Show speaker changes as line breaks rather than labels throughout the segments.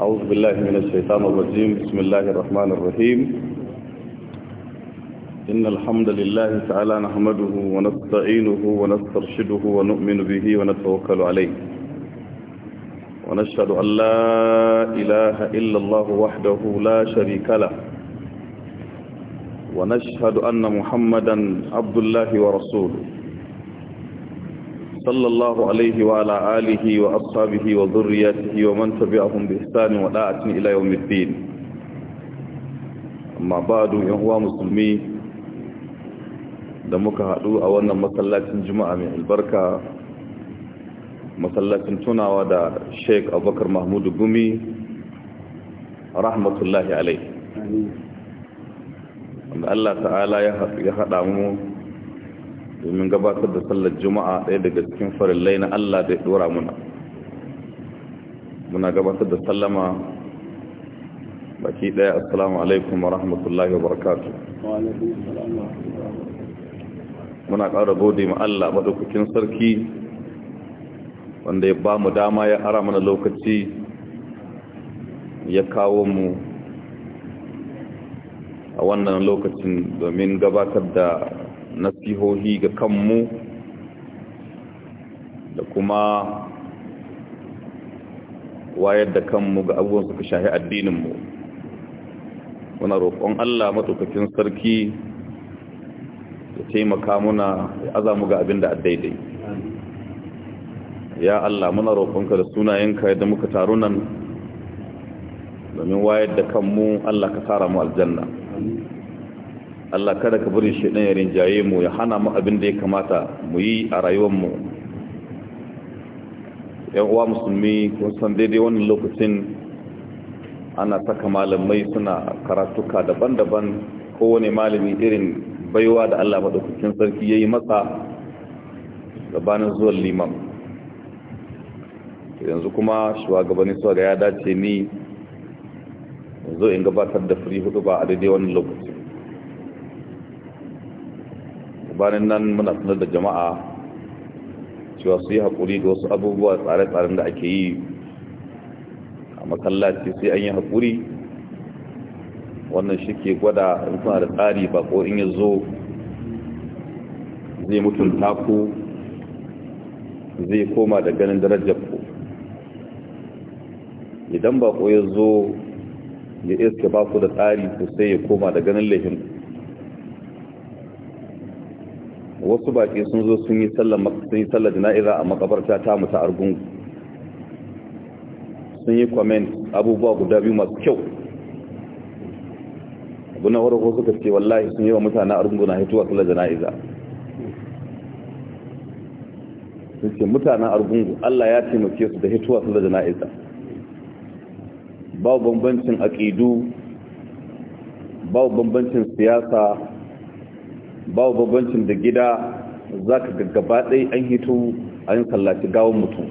أعوذ بالله من الشيطان الرجيم بسم الله الرحمن الرحيم إن الحمد لله تعالى نحمده ونستعينه ونسترشده ونؤمن به ونتوكل عليه ونشهد أن لا إله إلا الله وحده لا شريك له ونشهد أن محمدا عبد الله ورسوله صلى الله عليه وعلى آله وأصحابه وذريته ومن تبعهم بإحسان وداعة إلى يوم الدين أما بعد يهوى مسلمي da muka haɗu a wannan masallacin juma'a mai albarka masallacin tunawa da sheik abubakar mahmud gumi rahmatullahi alai wanda allah ta'ala ya haɗa mu domin gabatar da sallar juma'a ɗaya daga cikin farillai na Allah da ya dora muna muna gabatar da sallama baki ɗaya assalamu alaikum wa rahmatullahi wa barakatu muna ƙara gode ma Allah maɗaukakin sarki wanda ya ba mu dama ya ara mana lokaci ya kawo mu a wannan lokacin domin gabatar da nasihohi ga kanmu da kuma wayar da kanmu ga abubuwan suka shahi addininmu muna roƙon Allah matukakin sarki ya taimaka muna ya azamu ga abin da daidai ya Allah muna roƙonka da sunayenka yadda muka taru nan domin wayar da kanmu Allah ka tara mu aljanna Allah kada ka bari shi ɗan yarin jaye mu ya hana mu abin da ya kamata mu yi a mu yan uwa musulmi kun san daidai wannan lokacin ana saka malamai suna karatuka daban-daban kowane malami irin baiwa da Allah madaukakin sarki ya yi masa gabanin zuwan liman yanzu kuma shugabanni suwa ga ya dace ni zo in gabatar da firi hudu ba a daidai wannan lokaci gabanin nan muna sanar da jama'a cewa su yi haƙuri da wasu abubuwa tsare-tsaren da ake yi a makallaci sai an yi haƙuri wannan shi ke gwada in suna da tsari ba ko in ya zo zai mutunta ku zai koma da ganin darajar ku idan ba ko ya zo ya iska ba ku da tsari ku sai ya koma da ganin laifin ku wasu baƙi sun zo sun yi sallar jana'iza a makabarta ta mutu argungu sun yi comment abubuwa guda biyu masu kyau Abu na wadda kuma suka ce wallahi sun yi wa mutane argungu na hituwa sallar jana'iza sun ce mutanen argungu allah ya taimake su da hituwa sallar jana'iza babu bambancin aƙidu babu bambancin siyasa wa babbancin da gida za ka gaggaba ɗai an hito a yin sallaci gawon mutum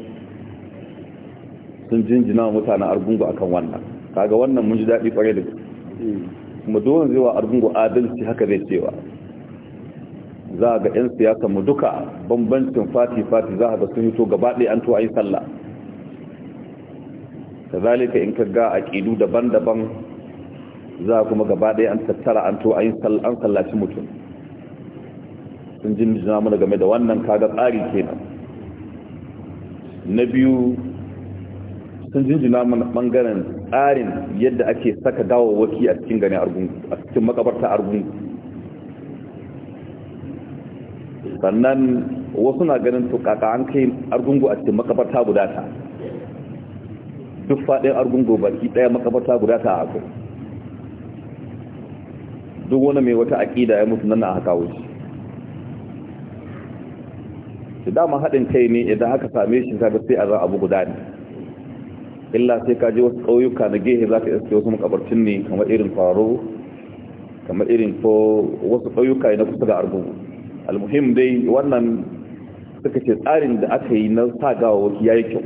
sun jinjina wa mutanen argungu akan wannan kaga wannan mun ji daɗi ƙware da kuma dole zai wa argungu adalci haka zai cewa za ga 'yan siyasa mu duka bambancin fati-fati za ga sun hito gaba ɗaya an to a yi sallah ka zalika in ka ga aƙidu daban-daban za kuma gaba ɗaya an tattara an to a yi an sallaci mutum sun jinjina mana game da wannan kaga tsari kenan na biyu sun jinjina mana ɓangaren tsarin yadda ake saka dawowaki a cikin gane argungu a cikin makabarta argungu sannan wasu na ganin tukaka an kai argungu a cikin makabarta guda ta duk faɗin argungu baki ɗaya makabarta guda ta a duk wani mai wata aƙida ya mutu nan a haka wuce shi dama haɗin kai ne idan aka same shi kaga sai a za abu guda ne illa sai ka ji wasu ƙauyuka na gehe za ka iske wasu makabarcin ne kamar irin faro kamar irin ko wasu ƙauyuka na kusa ga argungu almuhim dai wannan suka ce tsarin da aka yi na sa gawa ya yi kyau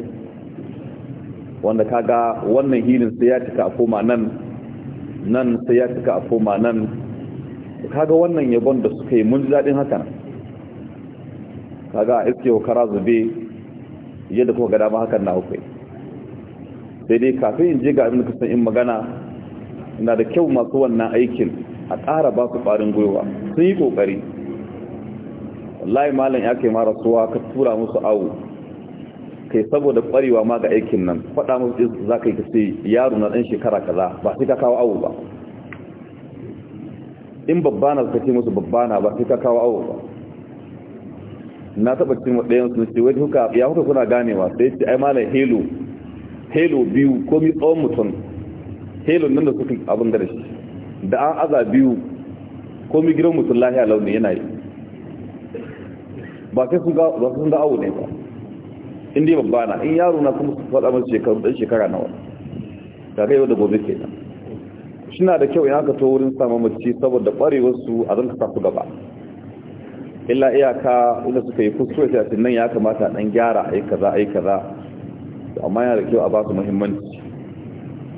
wanda kaga wannan hilin sai ya cika a koma nan nan sai ya cika a koma nan kaga wannan yabon da suka yi mun ji daɗin hakan. kaga a iske wa kara zube yadda kuma gada ba hakan na hukai sai dai kafin in je ga abin da kasan in magana na da kyau masu wannan aikin a ƙara ba su ƙwarin gwiwa sun yi ƙoƙari wallahi malam ya kai mara suwa ka tura musu awu kai saboda ƙwarewa ma ga aikin nan faɗa musu za ka yi ka sai yaro na ɗan shekara kaza ba sai ka kawo awu ba in babba na suka ce musu babba na ba sai ka kawo awu ba na taba cikin wadayen su ce wai huka ya huka kuna ganewa sai ce ai malai halo halo biyu ko mi tsawon mutum halo nan da suka abin da shi da an aza biyu ko mi gidan mutum lahiya launi yana yi ba sai sun ga sun awo ne ba in yi babba na in yaro na kuma su faɗa masu shekaru ɗan shekara nawa ta kai yau da gobe kenan shi na da kyau in ka to wurin samun mace saboda ƙwarewar a zan sa su gaba illa iyaka inda suka yi kuskure ta nan ya kamata dan gyara ai kaza ai kaza amma yana da kyau a ba su muhimmanci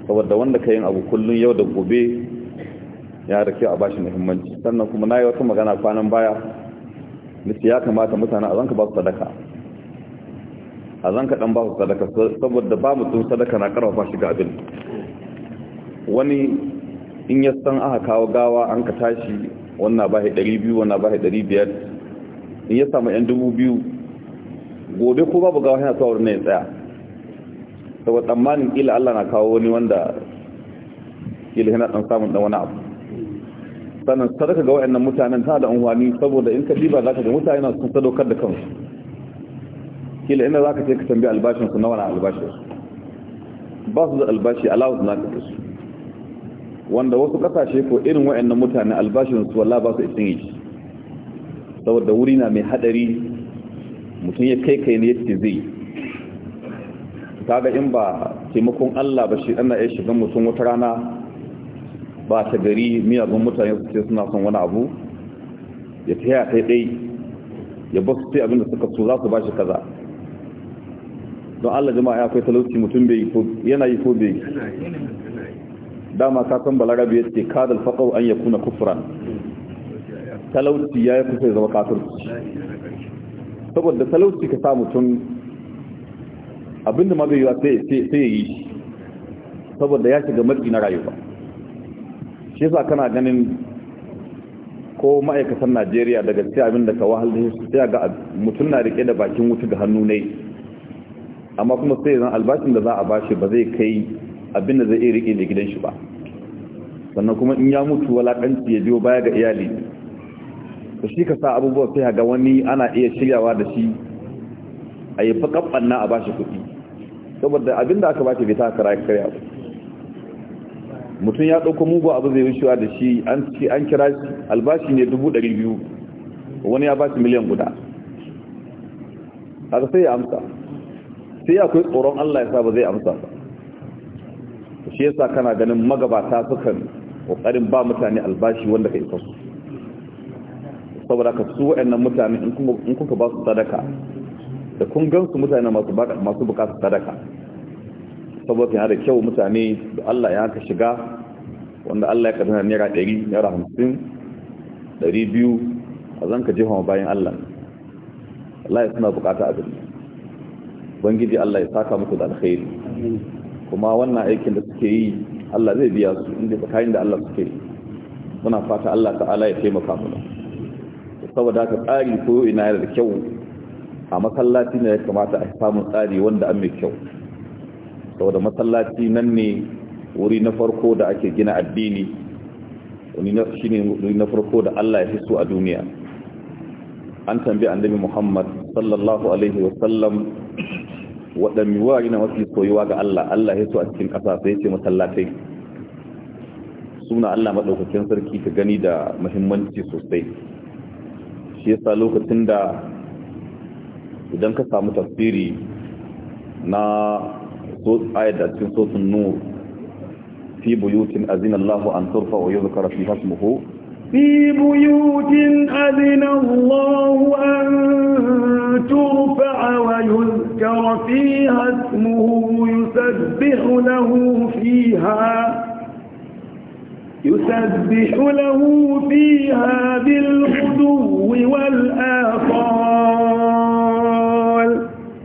saboda wanda ka yin abu kullun yau da gobe ya da kyau a ba shi muhimmanci sannan kuma na yi wata magana kwanan baya nace ya kamata mutane a zanka ba su sadaka a zanka dan ba su sadaka saboda ba mutum sadaka na karfafa shi ga abin wani in ya san aka kawo gawa an ka tashi wannan ba shi 200 wannan ba shi 500 in ya samu 'yan dubu biyu gobe ko babu gawa yana tsawar na ya tsaya saboda tsammanin kila Allah na kawo wani wanda kila yana ɗan samun ɗan wani abu sannan sadaka ga wa'annan mutanen ta da unwani saboda in ka diba za ka ga mutane na sun sadaukar da kansu kila ina za ka ce ka tambi albashinsu na wani albashi ba su da albashi allowance na ka kasu. wanda wasu kasashe ko irin wa'annan mutane albashinsu wallah ba su isin yi saboda wuri na mai hadari mutum ya kai kai ne yake zai kaga in ba taimakon Allah ba shi ana iya shigan mutum wata rana ba ta gari miyagun mutane su ce suna son wani abu ya taya kai dai ya ba su ce abinda suka so za su ba shi kaza don Allah jama'a akwai talauci mutum bai yana yi ko bai dama ka san balarabe yace kadal faqau an yakuna kufran talauci ya yi kusa zama kafirci saboda talauci ka sa mutum abinda ma bai sai ya yi saboda ya shiga matsi na rayuwa shi yasa kana ganin ko ma'aikatan najeriya daga sai abinda ka wahal da shi sai ga mutum na rike da bakin wuta ga hannu ne amma kuma sai zan albashin da za a bashi ba zai kai abinda zai iya rike da gidan shi ba sannan kuma in ya mutu walakanci ya biyo baya ga iyali to shi ka sa abubuwa sai ga wani ana iya shiryawa da shi a yi fi kabanna a ba shi kuɗi saboda abinda aka ba shi bai ta kara karya ba mutum ya ɗauko mugu abu zai wucewa da shi an kira albashi ne dubu ɗari biyu wani ya ba shi miliyan guda haka sai ya amsa sai akwai tsoron Allah ya sa ba zai amsa ba shi yasa kana ganin magabata sukan ƙoƙarin ba mutane albashi wanda yi kasu saboda ka su wa'annan mutane in kuka ba su sadaka da kun gansu mutane masu bukatar sadaka saboda yana da kyau mutane da Allah ya haka shiga wanda Allah ya kadana naira ɗari naira hamsin ɗari biyu a zan ka jefa bayan Allah Allah ya suna bukata a gani. bangiji Allah ya saka muku da alkhairi kuma wannan aikin da suke yi Allah zai biya su inda tsakanin da Allah suke yi muna fata Allah ta'ala ya taimaka mana saboda haka tsari ko ina yana da kyau a masallaci ne ya kamata a samun tsari wanda an mai kyau saboda masallaci nan ne wuri na farko da ake gina addini wani shi ne wuri na farko da Allah ya fi so a duniya an tambi annabi Muhammad sallallahu alaihi wasallam waɗanne wari na mafi soyuwa ga Allah Allah ya so a cikin ƙasa sai ce masallatai suna Allah maɗaukakin sarki ka gani da muhimmanci sosai shi yasa lokacin da idan ka samu tafsiri na ayat da cikin sosun nur fi buyutin azinallahu an turfa wa yuzkara fi hasmuhu
في بيوت أذن an turfa wa ويذكر fi hasmuhu yusabbihu lahu fiha يسبح له فيها بالغدو والآصال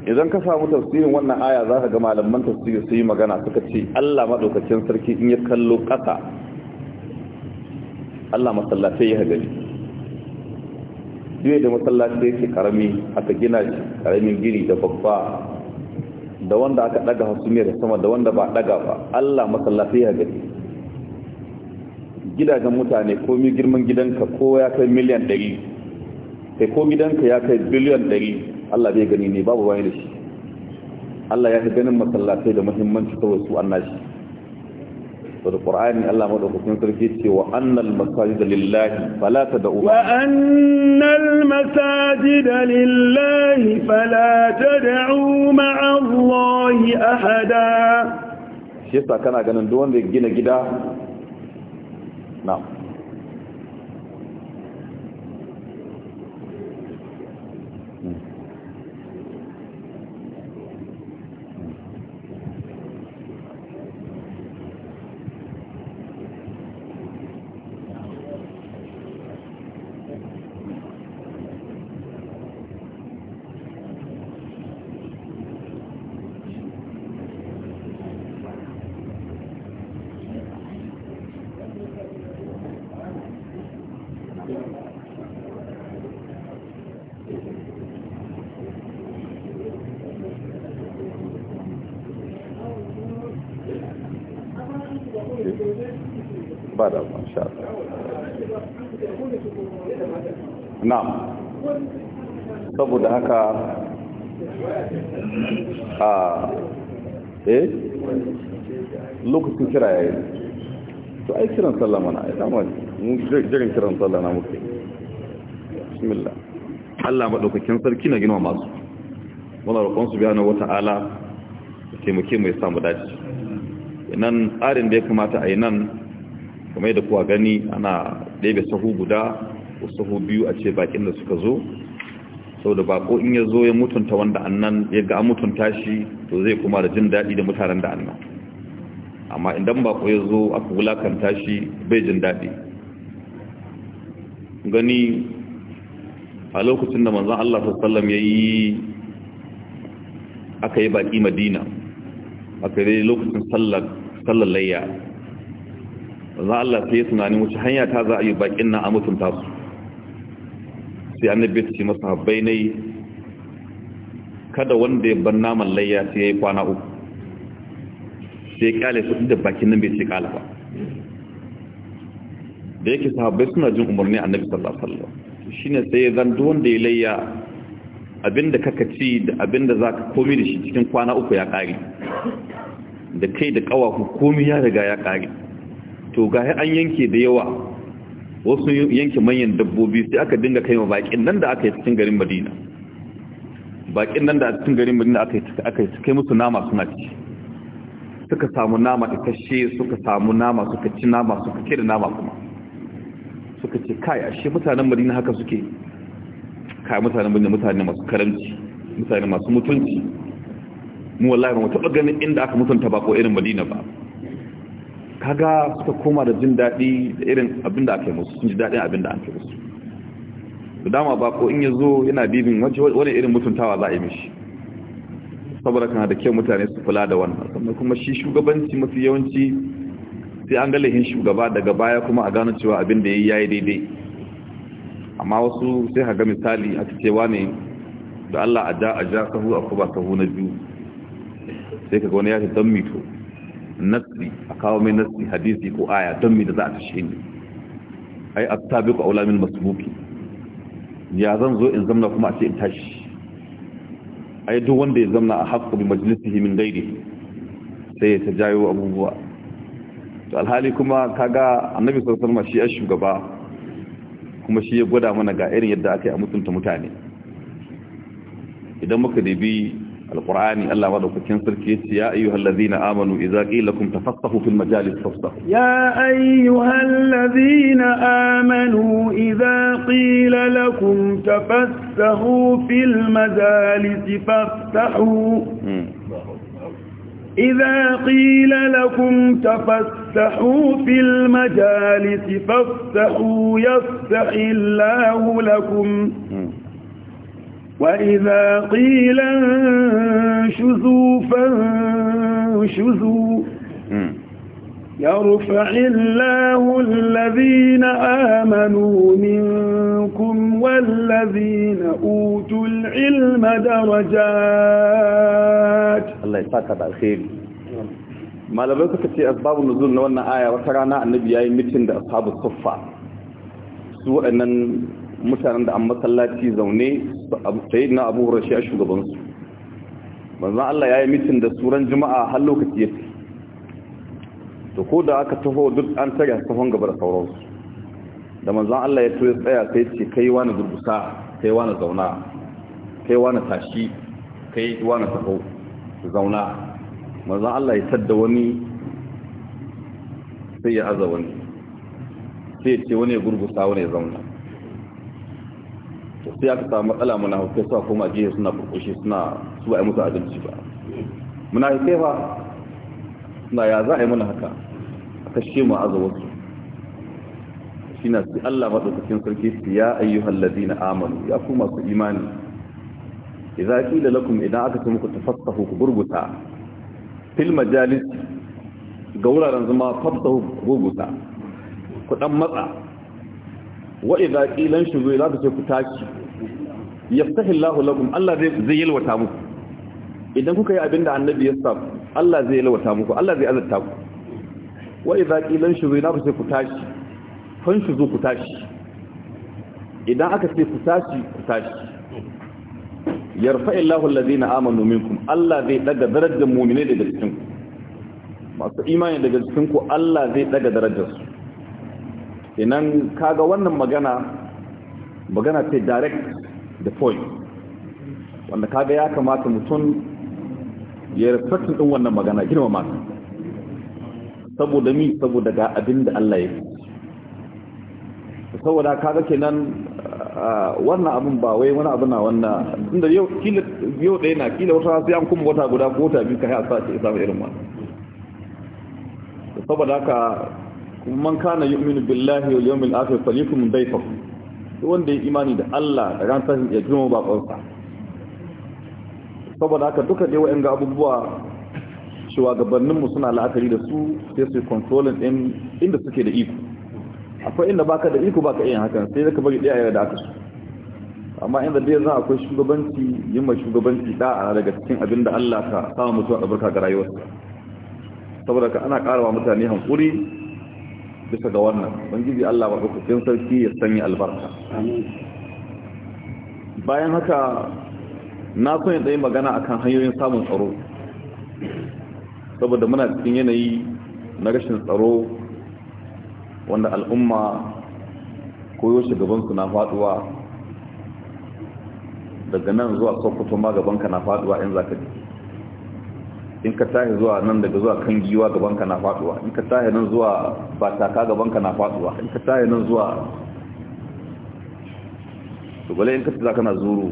idan ka samu tafsirin wannan aya za ka ga malaman tafsiri su yi magana suka ce Allah maɗaukacin sarki in ya kallo ƙasa Allah masallatai ya da masallatai yake karami aka gina shi karamin gini da babba da wanda aka ɗaga hasumiyar sama da wanda ba ɗaga ba Allah masallatai ya gani gidajen mutane komi girman gidanka ko ya kai miliyan ɗari kai ko gidanka ya kai biliyan ɗari Allah bai gani ne babu bayan da shi Allah ya fi ganin masallatai da muhimmanci saboda su annashi wadda ƙura'ani Allah maɗaukakin sarki ce wa annal da lillahi falata da uba wa
annal da lillahi falata da'u ma'allahi ahada
shi yasa kana ganin duk gina gida No. saboda haka
a
eh lokacin kira ya yi
to ai kiran sallah mana ai dama mun jirin kiran sallah na muke bismillah Allah madaukakin sarki na gina masu muna roƙon su biyana wata'ala taimake mu ya samu dace nan tsarin da ya kamata a yi nan kamar da kuwa gani ana ɗebe sahu guda ko sahu biyu a ce bakin da suka zo Sau da bako in ya zo ya mutunta wanda annan ya ga mutunta shi to zai kuma da jin daɗi da mutanen da annan amma idan bako ya zo aka wulakanta shi bai jin daɗi gani a lokacin da manzan Allah sallam ya yi aka yi baƙi madina aka yi lokacin sallar layya manzan Allah sai ya tunanin wuce hanya ta za a yi baƙin na a mutunta su sai annabi ta ce masa habbai ne kada wanda ya bar naman layya sai ya yi kwana uku sai ya kyale su da bakin nan bai ce kala ba da yake sahabbai suna jin umarni annabi sallallahu alaihi wasallam shine sai zan duk wanda ya layya abinda kaka ci da abinda ka komi da shi cikin kwana uku ya kare da kai da kawaku komi ya riga ya kare to ga an yanke da yawa wasu yanke manyan dabbobi sai aka dinga kai wa baƙin nan da aka yi cikin garin madina baƙin nan da a cikin garin madina aka yi kai musu nama suna ci suka samu nama da kashe suka samu nama suka ci nama suka ke da nama kuma suka ce kai ashe mutanen madina haka suke kai mutanen madina mutane masu karamci mutane masu mutunci mu wallahi ba mu taba ganin inda aka mutunta bako irin madina ba kaga suka koma da jin daɗi da irin abin da aka yi musu sun ji daɗin abin da aka yi musu da dama ba ko in ya zo yana bibin wani irin mutuntawa za a yi mishi saboda kana da kyau mutane su kula da wannan sannan kuma shi shugabanci mafi yawanci sai an galihin shugaba daga baya kuma a gano cewa abin da ya yi yayi daidai amma wasu sai haga misali a cewa ne da Allah a ja a ja sahu a kuma sahu na biyu sai ka ga wani ya ta don mito nassi a kawo mai nassi hadisi ko aya don mi da za a tashe ni ai a tabi aula min masbuqi ya zan zo in zamna kuma a ce in tashi ai duk wanda ya zamna a haƙƙo bi majlisihi min gairi sai ya jayo abubuwa to alhali kuma ka ga annabi sallallahu ma shi ya shugaba kuma shi ya gwada mana ga irin yadda aka yi a mutunta mutane idan muka dabi القرآن الله ودوكتين سركيت يا أيها الذين آمنوا إذا قيل لكم تفصحوا في المجالس فافصحوا
يا أيها الذين آمنوا إذا قيل لكم تفسحوا في المجالس فافتحوا إذا قيل لكم تفسحوا في المجالس فافتحوا يفتح الله لكم م. وإذا قيل انشذوا فانشذوا يرفع الله الذين آمنوا منكم والذين أوتوا العلم درجات
الله يسعك
بالخير ما لبقى في أسباب النزول نوانا آية وفرانا النبي أي متن دا أصحاب الصفة سوء أنن mutanen da an matsalaci zaune sai na abu rashi a shugabansu banzan Allah ya yi mitin da suran a har lokaci ya fi to ko da aka taho duk an tsaya sahon gaba da sauransu da manzan Allah ya to tsaya sai ce kai wani durbusa kai wani zauna kai wani tashi kai wani taho zauna manzan Allah ya tadda wani sai ya aza wani sai ya ce wani ya gurgusa wani ya zauna to sai aka samu matsala muna hukai suka koma jiya suna furkushe suna su ba a yi musu abinci ba muna hukai ba suna ya za a yi mana haka a kashe mu a azawarsu shi na su Allah maɗaukakin sarki su ya ayyuhan ladina amanu ya ku masu imani ki qila lakum idan aka ce muku tafassahu ku burguta fil majalis ga wuraren zama tafassahu ku burguta ku dan matsa wa idza qilan shuzu za ta ce ku tashi yaftahi Allahu lakum Allah zai yalwata muku idan kuka yi abinda annabi ya sa Allah zai yalwata muku Allah zai azurta ku wa idza shi shuzu za ta ce ku tashi fan shuzu ku tashi idan aka ce ku tashi ku tashi yarfa Allahu alladhina amanu minkum Allah zai daga darajar mu'mine daga cikinku. masu imani daga cikinku Allah zai daga darajar su inan kaga wannan magana magana ce direct the point wanda kaga ya kamata mutum ya respect din wannan magana girma ma saboda mi saboda ga abin da Allah ya yi saboda kaga kenan uh, wannan abin ba wai wani abu na wannan tunda yau kila yau da yana kila wata sai an kuma wata guda ko ta biyu ka yi a sa ce mai irin wannan saboda ka kuma man kana yu'minu billahi wal yawmil akhir falyakun dayfahu wanda ya imani da Allah da ran sa ya jima ba kansa saboda haka duka dai wa'in ga abubuwa mu suna la'akari da su sai su controlling din inda suke da iko akwai inda baka da iko baka yin hakan sai zaka bari ɗaya da aka su amma inda dai za akwai shugabanci yin ma shugabanci da'a daga cikin abin da Allah ka samu mutuwa barka ga rayuwarsa saboda ka ana karawa mutane hankuri bisa ga wannan ubangiji Allah ba hukuncin sarki ya sanya albarka bayan haka na so yin magana akan hanyoyin samun tsaro saboda muna cikin yanayi na rashin tsaro wanda al'umma koyo shugabansu na faduwa daga nan zuwa sokoto ma gabanka na faduwa in zaka ji in ka tahi zuwa nan daga zuwa kan giwa gabanka na faduwa in ka tahi nan zuwa bataka gabanka na faduwa in ka tahi nan zuwa to bale in ka tsaka kana zuru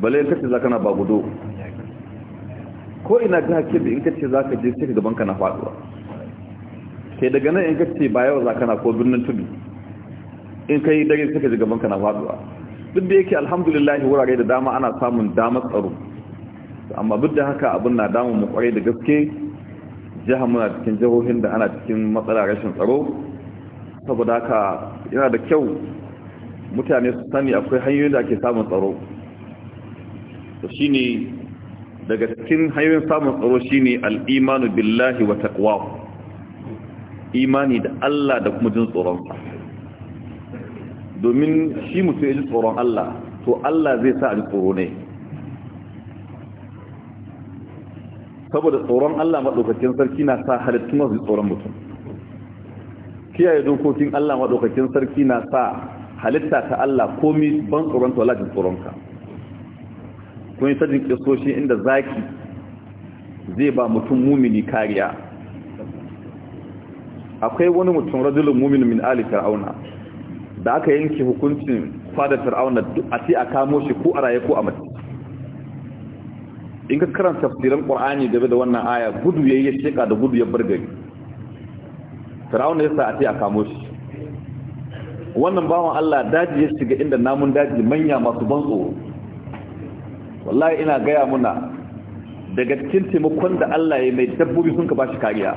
bale in ka tsaka kana bagudo ko ina ga ke in ka ce zaka je sai gabanka na faduwa sai daga nan in ka ce ba yau zaka na ko birnin tudu in kai dare sai gabanka na faduwa duk da yake alhamdulillah wurare da dama ana samun damar tsaro amma duk da haka abin na damu mu kwarai da gaske jiha muna cikin jihohin da ana cikin matsala rashin tsaro saboda haka yana da kyau mutane su sani akwai hanyoyin da ake samun tsaro to shine daga cikin hanyoyin samun tsaro shine al-imanu billahi wa taqwa imani da Allah da kuma jin tsoronsa. domin shi mutum ya ji tsoron Allah to Allah zai sa a ji tsoro ne saboda tsoron Allah maɗaukakin sarki na sa halittu masu tsoron mutum kiyaye dokokin Allah maɗaukakin sarki na sa halitta ta Allah komi ban tsoron ta walajin tsoronka kun yi sajin kisoshi inda zaki zai ba mutum mumini kariya akwai wani mutum radulun mumin min ali fir'auna da aka yanke hukuncin fada fir'auna a ce a kamo shi ko a raye ko a mace in ka karanta tafsirin qur'ani game da wannan aya gudu yayi ya sheka da gudu ya bar gari fir'auna a ce a kamo shi wannan bawan Allah daji ya shiga inda namun daji manya masu ban tsoro wallahi ina gaya muna daga cikin taimakon da Allah ya mai dabbobi sun ka ba shi kariya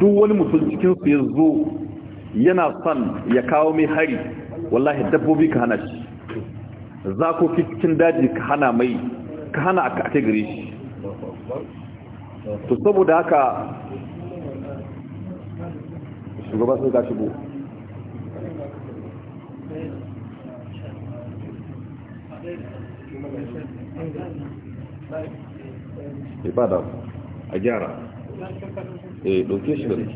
duk wani mutum cikin su ya zo yana son ya kawo mai hari wallahi dabbobi ka hana shi zakoki cikin daji ka hana mai
ka hana a ake gare shi to saboda haka shugaba sai ga shigo eh, da a gyara e eh, doke shi gari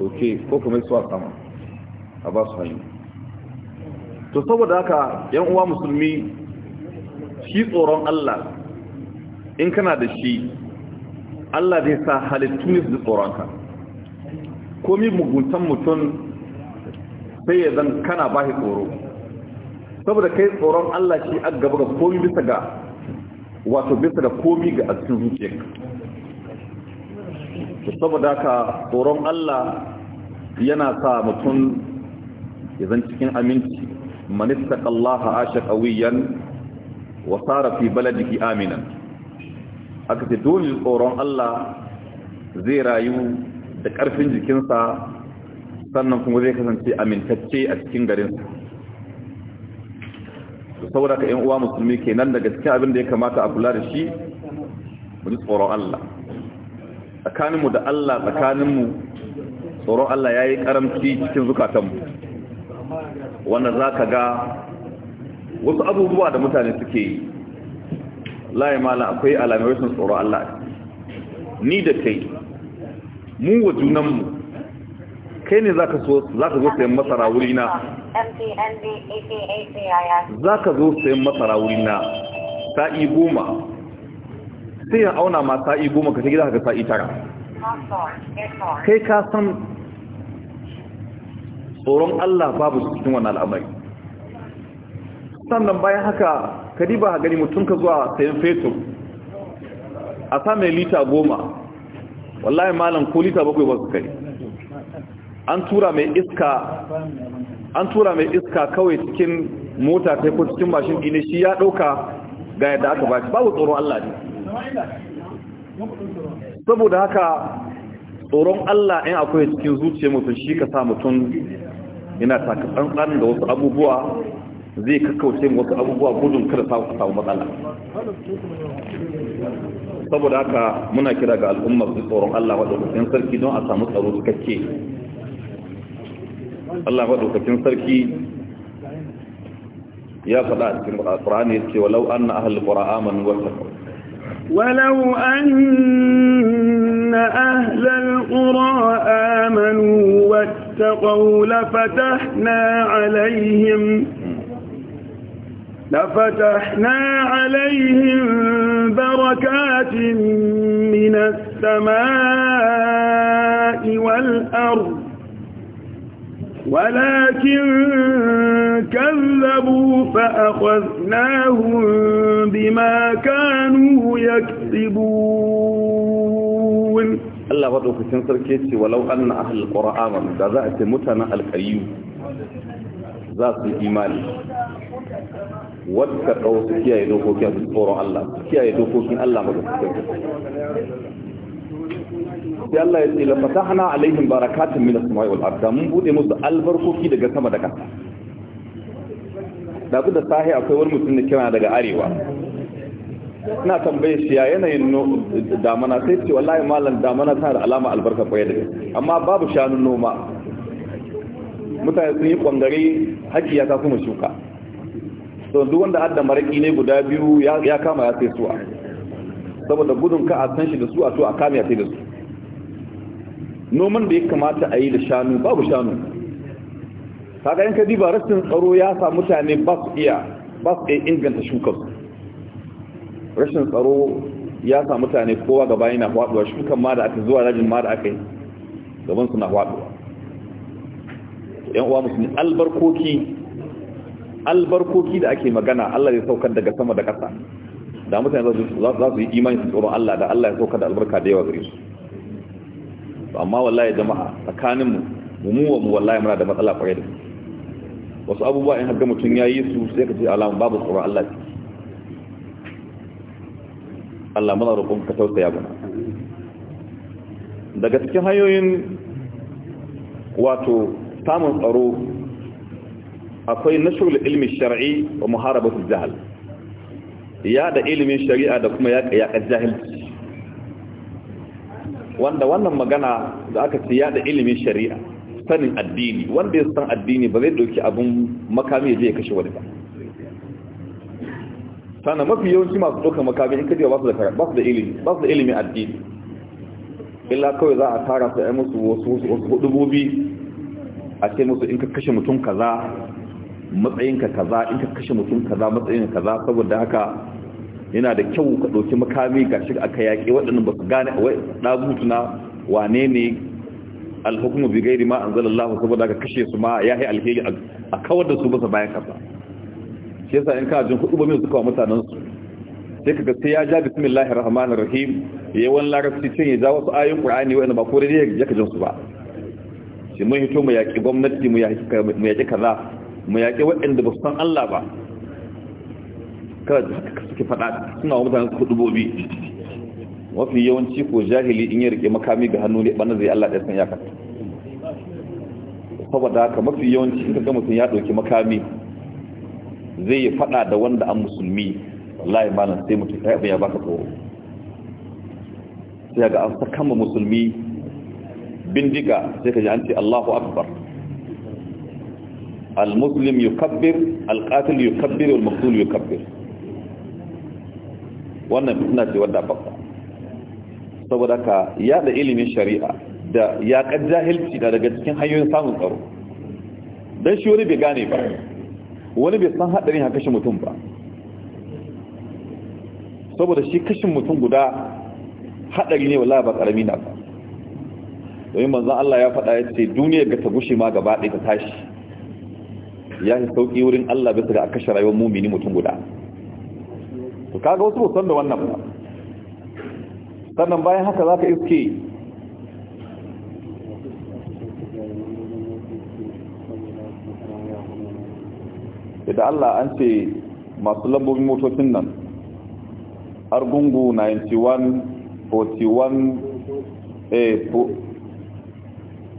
doke ko kuma su a sama a ba su hanyu to saboda haka yan uwa musulmi shi tsoron Allah in kana da shi Allah zai sa halittu ne su tsoronka komi muguntan mutum sai ya zan kana ba shi tsoro saboda kai tsoron Allah shi a gaba ga komi bisa ga wato bisa ga komi ga cikin zuciyarka saboda ka tsoron Allah yana sa mutum ya zan cikin aminci a ashe ƙawiyan wa sara fi baladiki aminan aka ce dole tsoron Allah zai rayu da ƙarfin jikinsa sannan kuma zai kasance amintacce a cikin garinsa saboda ka 'yan uwa musulmi ke nan daga cikin abin da ya kamata a kula da shi mu ji tsoron Allah tsakaninmu da Allah tsakaninmu tsoron Allah ya yi karamci cikin zukatanmu
wanda za ka ga
wasu abubuwa da mutane suke yi laye mala akwai alamai sun tsoro Allah ni da kai mu wa junanmu kai ne za ka zo sayan masara wurina za ka zo sayan masara wurina sa'i goma sai ya auna ma sa'i goma ka shiga ka sa'i tara kai ka san tsoron Allah babu cikin wannan al'amari sannan bayan haka ka diba gani mutum ka zuwa sayan fetur a samun lita goma wallahi malam ko lita bakwai ba su kai an tura mai iska kawai cikin mota ta ko cikin mashin gini shi ya ɗauka ga yadda aka ba shi babu tsoron Allah ne saboda haka tsoron Allah in akwai cikin zuciya mutum shi ka sa mutum yana taka da wasu abubuwa zai kakkauce wasu abubuwa gudun kada ka samu matsala saboda haka muna kira ga al'ummar su tsoron Allah wa maɗaukakin sarki don a samu tsaro cikakke Allah wa maɗaukakin sarki ya faɗa a cikin ƙura'ani ce walau an na ahal ƙura'a manu wata
ولو أن أهل القرى آمنوا واتقوا لفتحنا عليهم لفتحنا عليهم بركات من السماء والأرض ولكن كذبوا فأخذناهم بما كانوا يكذبون
الله وضعك تنصر كيتي ولو أن أهل القرآن ذات متنا الكريم
ذات إيماني wadda ka wasu kiyaye
dokokin tsoron Allah kiyaye dokokin Allah ba su kai sai
Allah ya ce lafa
hana alaihim barakatun minas sama'i wal arda mun bude musu albarkoki daga sama da kan da da sahi akwai wani mutum da kira daga arewa ina tambaye shi ya yanayin damana sai ce wallahi malam damana tana da alama albarka kwaye da amma babu shanun noma mutane sun yi kwangare ya ta kuma shuka don duk wanda adda maraki ne guda biyu ya kama ya sai suwa saboda gudun ka a san shi da su a to a kame ya sai da su noman da ya kamata a yi da shanu babu shanu kaga yanka diba rashin tsaro ya sa mutane ba su iya ba su iya inganta shukar rashin tsaro ya sa mutane kowa gaba yana faduwa shukan ma da aka zuwa rajin ma da aka yi gaban su na faduwa yan uwa musulmi albarkoki albarkoki da ake magana Allah zai saukar daga sama da ƙasa da mutane za su yi imani su tsoron Allah da Allah ya saukar da albarka da yawa gare su amma wallahi jama'a tsakaninmu mu mu wa mu wallahi muna da matsala kwarai da wasu abubuwa in haka mutum ya yi su sai ka ce alamun babu tsoron Allah ce Allah muna roƙon ka tausaya mana daga cikin hanyoyin wato samun tsaro akwai nashirul ilmi shar'i wa muharabatul jahl ya da ilimin shari'a da kuma ya yaƙar jahilci wanda wannan magana da aka ce ya da ilimin shari'a sanin addini wanda ya san addini ba zai doki abin makami ya kashe wani ba sannan mafi yawanci masu dokar makami in kajewa ba su da ilimi ba su da ilimin addini illa kawai za a tara su yi musu wasu wasu hudubobi a ce musu in ka kashe mutum kaza matsayinka kaza in ka kashe mutum kaza matsayin kaza saboda haka yana da kyau ka ɗauki makami ga shi aka yaƙi waɗannan ba su gane ɗagutu na wane ne alhukumu bi gairi ma an zalallahu saboda haka kashe su ma ya yi alheri a kawar da su su bayan kasa shi yasa in ka jin kuɗi ba mai su kawo mutanen su sai kaga sai ya ja bismillahir rahmanir rahim ya wani larabci cin ya ja wasu ayoyin qur'ani wa'anda ba ko dai ya jin su ba shi mun hito mu yaƙi gwamnati mu yaƙi kaza mu yaƙi waɗanda ba su san Allah ba kada haka suke faɗa suna wa mutane su dubobi mafi yawanci ko jahili in ya rike makami ga hannu ne ɓanar zai Allah ɗaya san ya kata saboda haka mafi yawanci in ka ga mutum ya ɗauki makami zai yi faɗa da wanda an musulmi wallahi malam sai mutum kai yaba ya baka tsoro sai ga an kama musulmi bindiga sai ka ji an ce Allahu akbar المسلم يكبر القاتل يكبر والمقتول يكبر wannan fitna ce wadda babba saboda ka yada ilimin shari'a da yaƙar jahilci da daga cikin hanyoyin samun tsaro don shi wani bai gane ba wani bai san haɗarin ha kashi mutum ba saboda shi kashin mutum guda haɗari ne wala ba ƙarami na ba domin manzan Allah ya faɗa ya ce duniyar ga ta gushe ma gaba ɗaya ta tashi ya yi sauƙi wurin Allah bisa da aka kashe rayuwar mumini mutum guda to kaga wasu musan da wannan ba sannan bayan haka za ka iske da Allah an ce masu lambobin motocin nan argungu 91 41 eh,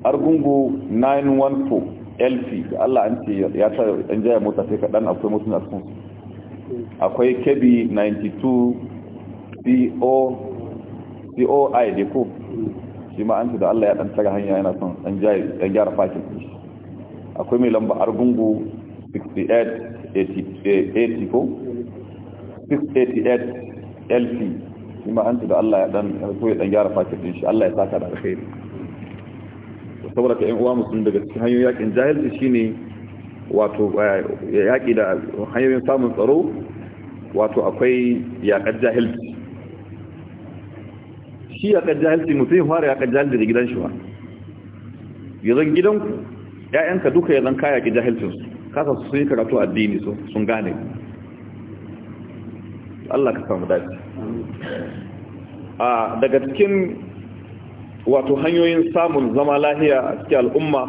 argungu 914 elfi da Allah an ce ya ta an jaya mota sai kaɗan akwai mutum a cikin akwai kebi 92 coi da ko shi ma an ce da Allah ya ɗan taga hanya yana son an gyara fakin akwai mai lamba argungu 68 ko 688 lp shi ma an ce da Allah ya ɗan gyara fakin shi Allah ya saka da alkhairi saboda ka yan uwa musulun daga cikin hanyoyin yakin jahilci shine wato eh, yaki da hanyoyin samun tsaro wato akwai yakar jahilci shi yakar jahilci mutum ya fara yakar jahilci da gidan shi ba yanzu gidanku ya'yanka duka yanzu ka yaki su kasa sun yi karatu addini sun gane Allah ka samu dace ah, daga cikin wato hanyoyin samun zama lahiya a cikin al'umma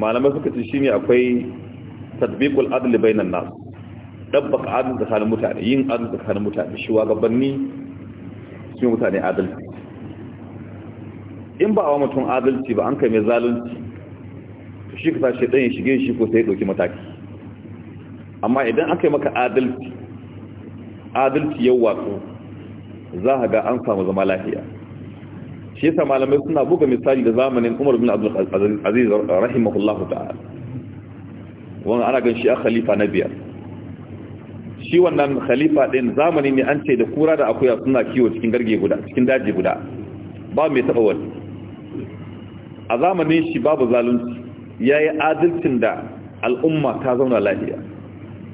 malamai suka ce shine akwai tadbiqul adl bainan nas dabbaka adl tsakanin mutane yin adl tsakanin mutane shugabanni su yi mutane adalci in ba a wa mutum adalci ba an kai mai zalunci to shi ka tashi ɗan ya shige shi ko sai ya ɗauki mataki amma idan aka kai maka adalci adalci yau wato za a ga an samu zama lahiya shi yasa malamai suna buga misali da zamanin Umar bin Abdul Aziz rahimahullahu ta'ala wannan ana gan shi a khalifa na biyar shi wannan khalifa din zamani ne an ce da kura da akuya suna kiwo cikin garge guda cikin daji guda ba mai taba wani a zamanin shi babu zalunci yayi adalcin da al'umma ta zauna lafiya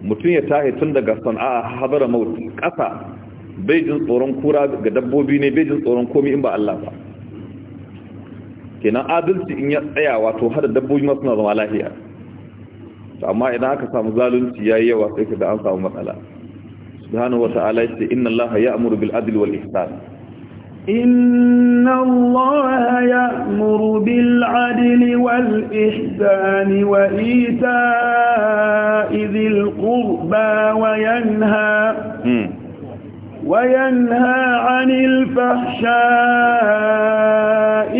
mutum ya tahi tun daga sana'a habara mawut kasa bai jin tsoron kura ga dabbobi ne bai jin tsoron komi in ba Allah ba kenan adalci in ya tsaya wato har dabbobi masu zama lafiya amma idan aka samu zalunci yayi yawa sai ka da an samu matsala subhanahu wata'ala yace inna allaha ya'muru bil adli wal ihsan
inna allaha ya'muru bil adli wal ihsan wa ita'i dhil qurba wa yanha وينهى عن الفحشاء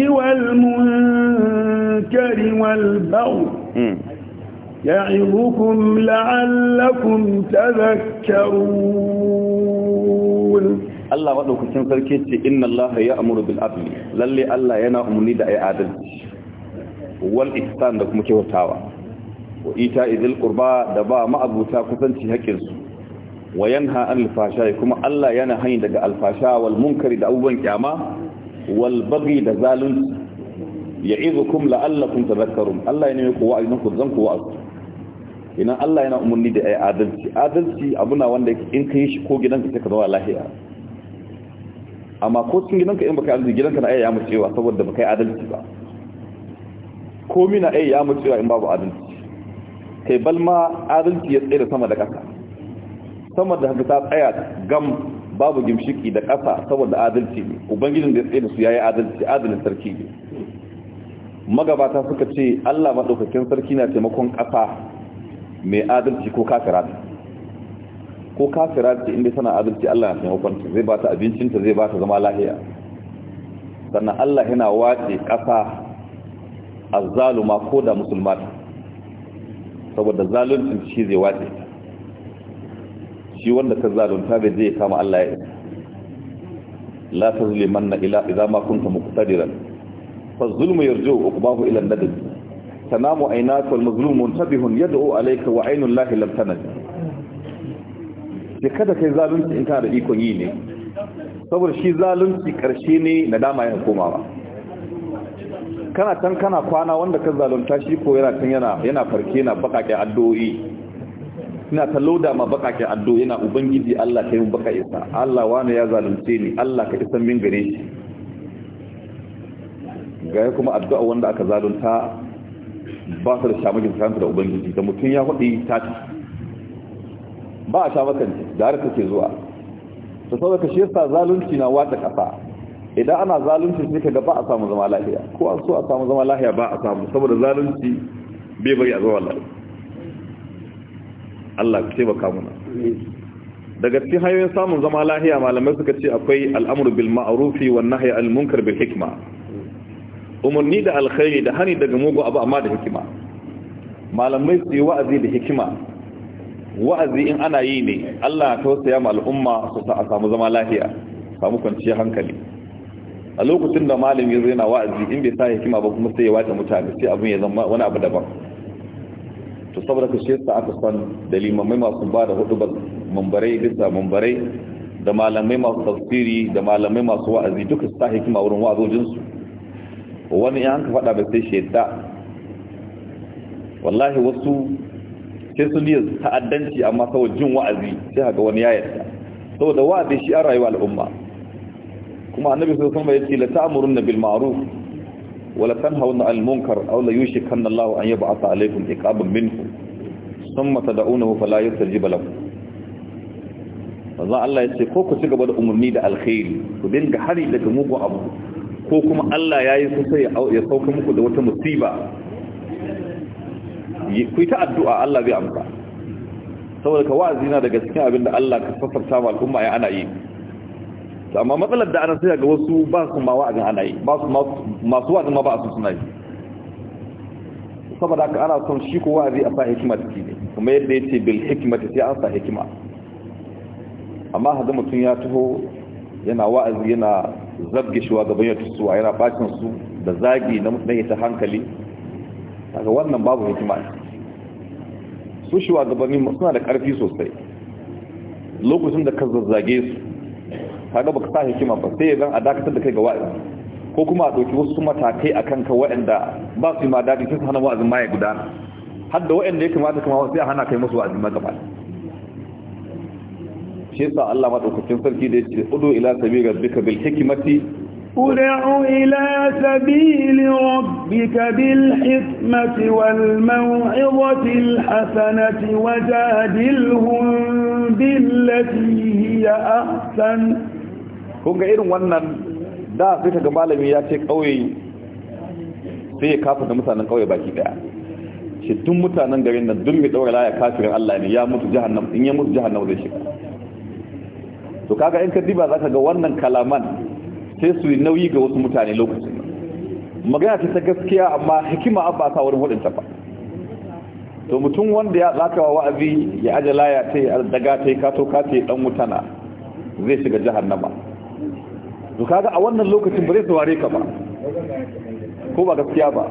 والشجر والبول يعظكم لعلكم تذكرون
Allah maɗaukacin sarki ce inna Allah ya amuru bil adli Lallai Allah yana umarni da ayi adalci wal ihsan da kuma kyautawa wa ita idil qurba da ba ma'abuta kusanci hakkin su wa yanha anil fashai kuma Allah yana hani daga alfasha wal munkari da abubuwan kyama wal baghi da zalunci ya'izukum la'allakum tadhakkarun Allah ya nemi ku wa'azin ku zan ku wa'azu ina Allah yana umarni da ai adalci adalci abu na wanda in kai shi ko gidanka sai ka zauna lafiya amma ko cikin gidanka in baka adalci gidanka na ai ya mutsewa saboda baka yi adalci ba ko mina ai ya mutsewa in babu adalci kai balma adalci ya tsira sama da ƙasa sama da haka ta tsaya gam babu gimshiki da ƙasa saboda adalci ne ubangijin da ya tsaye da su yayi adalci adalin sarki ne magabata suka ce Allah maɗaukakin sarki na taimakon ƙasa mai adalci ko kafira ko kafira ce inda tana adalci Allah na taimakon ta zai ba ta abincinta zai ba ta zama lahiya sannan Allah yana wace ƙasa a zaluma ko da musulmata saboda zaluncin shi zai wace shi wanda ka zalunta bai zai kama Allah ya isa la tazlimanna ila idza ma kunta muqtadiran fa zulmu yarju uqbahu ila nadab tanamu aynaka wal mazlum muntabihun yad'u alayka wa aynu llahi lam tanad kada kai zalunci in kana da ikon yi ne saboda shi zalunci karshe ne nadama ya koma ba kana tan kana kwana wanda ka zalunta shi ko yana tan yana yana farke na bakake addu'o'i ina ta loda ma bakake addu'o'i yana ubangiji Allah kai mu baka isa Allah wani ya zalunce ni Allah ka isa min gare shi ga kuma addu'a wanda aka zalunta ba su da shamakin tsakanta da ubangiji da mutum ya faɗi tati ba a shamakanci da harka ke zuwa ta sau da ka shirta zalunci na wata ƙasa idan ana zalunci sai ka ga ba a samu zama lahiya ko an so a samu zama lahiya ba a samu saboda zalunci bai bari a zama lahiya Allah ku taimaka muna daga cikin hanyoyin samun zama lahiya malamai suka ce akwai al'amuru bil ma'rufi wan nahyi al munkar bil hikma umarni da alkhairi da hani daga mugu abu amma da hikima malamai su yi wa'azi da hikima wa'azi in ana yi ne Allah ya tausaya ma al'umma su ta samu zama lafiya samu kwanciyar hankali a lokacin da ya zai na wa'azi in bai sa hikima ba kuma sai ya wata mutane sai abin ya zama wani abu daban to saboda ka shi aka san da limamai masu ba da hudu mambarai bisa mambarai da malamai masu tafsiri da malamai masu wa'azi duka su sa hikima wurin wa'azojinsu wani an ka faɗa ba sai shaida wallahi wasu sai sun ta'addanci amma saboda jin wa'azi sai haka wani ya yarda saboda wa'azi shi a rayuwa al'umma kuma annabi sai sun bayyana la na bil ma'ruf wa la na 'anil munkar aw la yushikanna Allah an yab'atha 'alaykum iqaban minhu thumma tad'unahu fala yastajibu lakum manzo Allah ya ce ko ku ci gaba da umarni da alkhairi ku dinga hari daga mugun abu ko kuma Allah ya yi sosai ya sauka muku da wata musiba ku yi ta addu'a Allah zai amsa saboda ka wa'azi na daga cikin abin da Allah ka sassarta ma al'umma ya ana yi amma matsalar da ana sai ga wasu ba su ma wa'azi ana yi masu su ma ba su suna yi saboda ka ana son shi ko wa'azi a sa hikima ciki ne kuma yadda ya ce bil hikima ta sai an sa hikima amma haɗu mutum ya taho yana wa'azi yana zabge shugaban ya tusuwa yana bakin su da zagi na mutane ta hankali daga wannan babu hikima su shugabanni suna da karfi sosai lokacin da ka zazzage su kaga baka sa hikima ba sai zan a dakatar da kai ga wa'azi ko kuma a ɗauki wasu matakai a ka waɗanda ba su yi ma daɗi sai su hana wa'azin ma ya gudana har da ya kamata kuma sai a hana kai musu wa'azin ma gaba shi yasa Allah madaukakin sarki da yake udu ila sabila rabbika bil hikmati
ادع إلى سبيل ربك بالحكمة hasanati الحسنة وجادلهم بالتي hiya ahsan kun ga irin wannan da sai kaga
malami ya ce kauye sai ya kafa da mutanen kauye baki daya shi tun mutanen garin nan dun mai daura laya kafirin Allah ne ya mutu jahannam in ya mutu jahannam zai shiga to kaga in ka diba ka ga wannan kalaman sai su yi nauyi ga wasu mutane lokacin magana ta gaskiya amma hikima abba ta wurin hudin tafa to mutum wanda ya zaka wa wa'azi ya ajala ya ce daga ta ka to ka ce dan mutana zai shiga jahannama to kaga a wannan lokacin ba zai saurare ka ba
ko ba gaskiya ba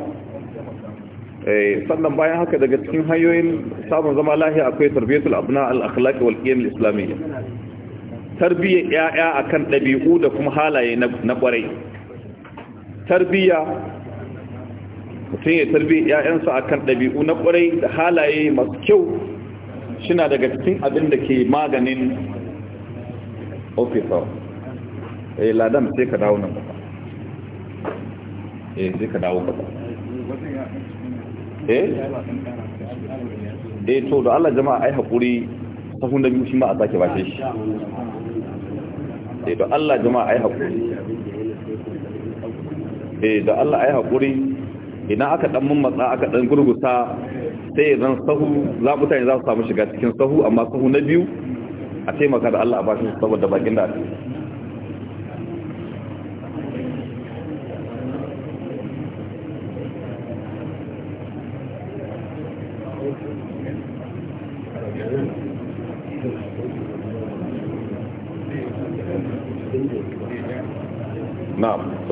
eh, sannan bayan haka daga cikin hanyoyin sabon zama lahiya akwai tarbiyatul abna al-akhlaq wal qiyam al-islamiyya tarbiyyar ‘ya'ya a kan ɗabi'u da kuma halaye na ƙwarai tarbiyya mutum ya tarbiyyar ‘ya'yansa a kan ɗabi'u na ƙwarai da halaye masu kyau shina daga cikin abin da ke maganin ofisar eh ladan sai ka dawo nan ba, eh sai ka dawo ba
eh eh to da
Allah jama'a ai haƙuri sahun da biyu shi ma a zake bashe shi
sai eh, da Allah jama'a ai hakuri
eh da Allah ai hakuri idan aka dan matsa aka dan gurgusa sai zan sahu za mutane za su samu shiga cikin sahu amma sahu na biyu a taimaka da Allah a bashin saboda bakin da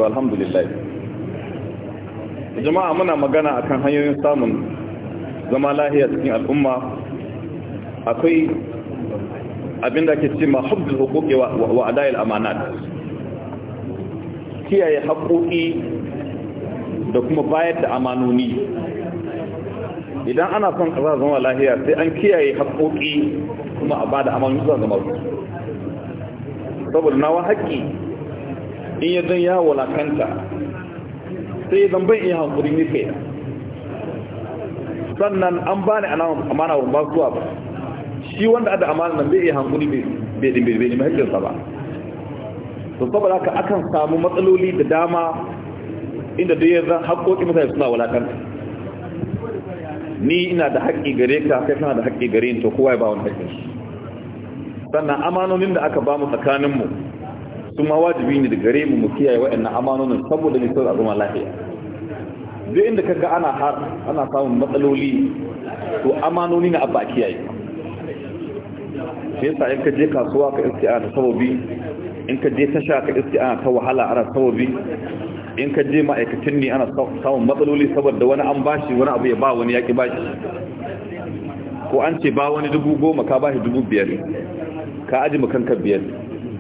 to alhamdulillah jama'a muna magana akan hanyoyin samun zama lahiya cikin al'umma akwai abinda ke ce ma hubbul huquqi wa ada'il amanat kiyaye haƙoƙi da kuma bayar da amanoni idan ana son ƙasa zama lahiya sai an kiyaye haƙoƙi kuma a bada amanoni zuwa zama masu saboda wa haƙƙi in ya zan ya walakanta sai zan bai iya hankuri ne kai sannan an bani amana ba zuwa ba shi wanda ada amana nan bai iya hankuri bai dimbe bai nemi hakkinsa ba to saboda ka akan samu matsaloli da dama inda da ya zan haƙoƙi mutane suna walakanta ni ina da haƙƙi gare ka kai kana da haƙƙi gare ni to kowa ya ba wani haƙƙin sannan amanonin da aka ba mu tsakaninmu su ma wajibi ne da gare mu mu kiyaye waɗannan amanonin saboda ne sau a zama lafiya duk inda kaga ana har ana samun matsaloli to amanoni na abba kiyaye me yasa in ka je kasuwa ka iske ana sababi in ka je tasha ka iske ana ta wahala ana sababi in ka je ma'aikacin ne ana samun matsaloli saboda wani an bashi wani abu ya ba wani yaƙi bashi ko an ce ba wani dubu goma ka bashi dubu biyar ka aji makanka biyar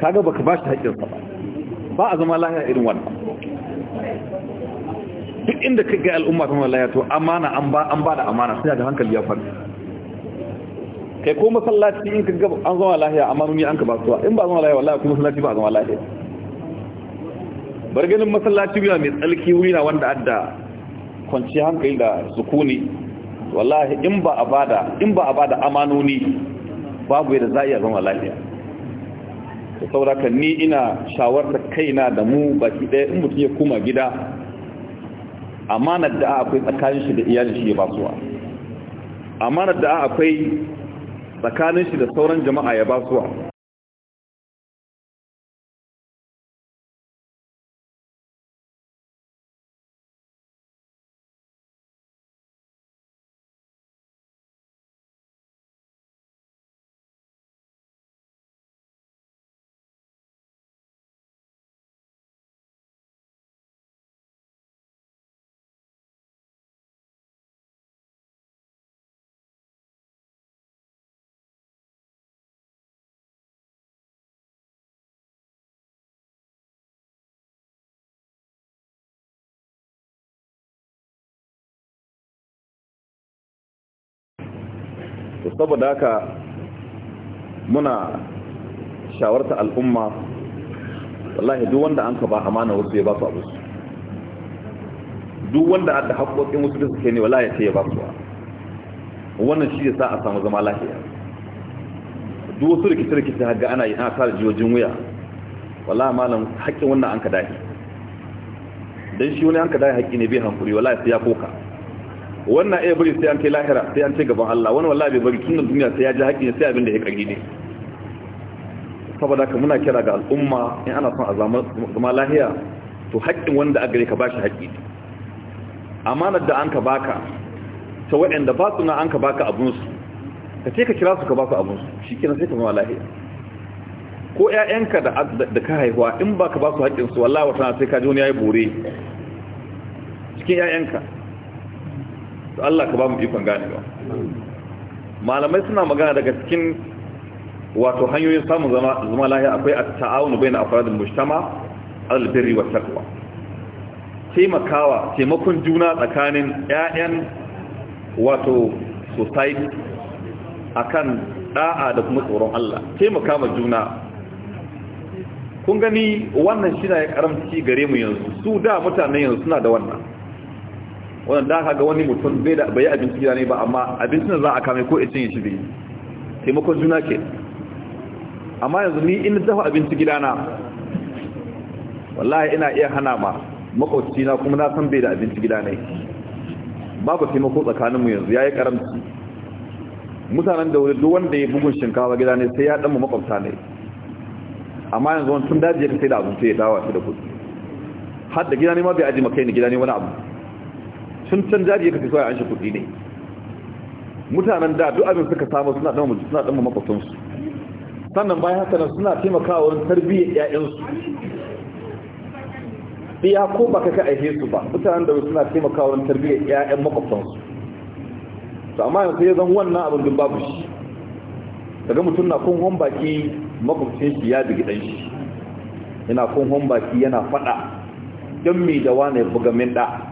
kaga baka bashi haƙƙin sa ba a zama lahiya irin wannan duk inda ka ga al'umma ta mallaya to amana an ba an ba da amana sai da hankali ya farka kai ko masallaci in ka ga an zama lahiya amanuni an ka ba suwa in ba zama lahiya wallahi kuma masallaci ba zama lahiya bar ganin masallaci wuri mai tsalki wuri na wanda adda kwanci hankali da sukuni wallahi in ba a bada in ba a bada amanoni babu yadda za a iya zama lafiya da sauraka ni ina shawarta kaina da mu baki ɗaya in mutum ya kuma gida amanar da akwai tsakanin shi da iyalin shi ya basuwa amanar da akwai
tsakanin shi da sauran jama'a ya basuwa
to saboda haka muna shawarta al'umma wallahi duk wanda an ka ba amana wasu ya ba su abu duk wanda adda haƙoƙin wasu da suke ne wallahi sai ya ba su wannan shi ya sa a samu zama lafiya duk wasu rikice rikice haga ana yi ana fara jiwojin wuya wallahi malam haƙƙin wannan an ka dahi dan shi wani an ka dahi haƙƙi ne bai hankuri wallahi sai ya koka wannan iya bari sai an kai lahira sai an ce gaban Allah wani wallahi bai bari tun duniya sai ya ji haƙi sai abin da ya kage ne saboda ka muna kira ga al'umma in ana son a zama lahiya to haƙƙin wanda a gare ka shi haƙƙi amanar da an ka baka ta waɗanda ba su na an ka baka abunsu ka ce ka kira su ka ba su shi kenan sai ka zama lahiya ko ƴaƴanka da ka haihuwa in ba ka ba su haƙƙinsu wallahi wata sai ka ji wani ya yi bore cikin ƴaƴanka to Allah ka ba mu ikon ganewa malamai suna magana daga cikin wato hanyoyin samun zama lahiya akwai a taawun bai na mujtama mustama Albiri wa takwa taimakawa taimakon juna tsakanin 'ya'yan wato society akan da'a da kuma tsoron Allah taimaka ma juna kun gani wannan shi ne karamci gare mu yanzu su da mutanen yanzu suna da wannan wannan da aka ga wani mutum bai da bai abinci gida ne ba amma abincin za a kame ko icin ya shi bai taimakon juna ke amma yanzu ni in dafa abinci gida na wallahi ina iya hana ma makwabci na kuma na san bai da abinci gida ne ku taimako tsakaninmu yanzu yayi karamci mutanen da wuri duk wanda ya bugun shinkafa gida ne sai ya dan mu makwabta ne amma yanzu wani tun daji ya sai da abinci ya dawa shi da kudi har da gida ne ma bai aji makai ne gida ne wani abu tun can jari ya kafi so ya an shi kuɗi ne mutanen da duk abin suka samu suna dama suna dama makwatansu sannan bayan haka nan suna taimakawa wurin tarbiyyar ƴaƴansu iya ko ba kaka aihe su ba mutanen da suna taimakawa wurin tarbiyyar ƴaƴan makwatansu to amma yanzu ya zan wannan abin din babu shi daga mutum na kun hon baki makwabcin shi ya bi gidan shi yana kun hon baki yana faɗa don mai da wani buga min da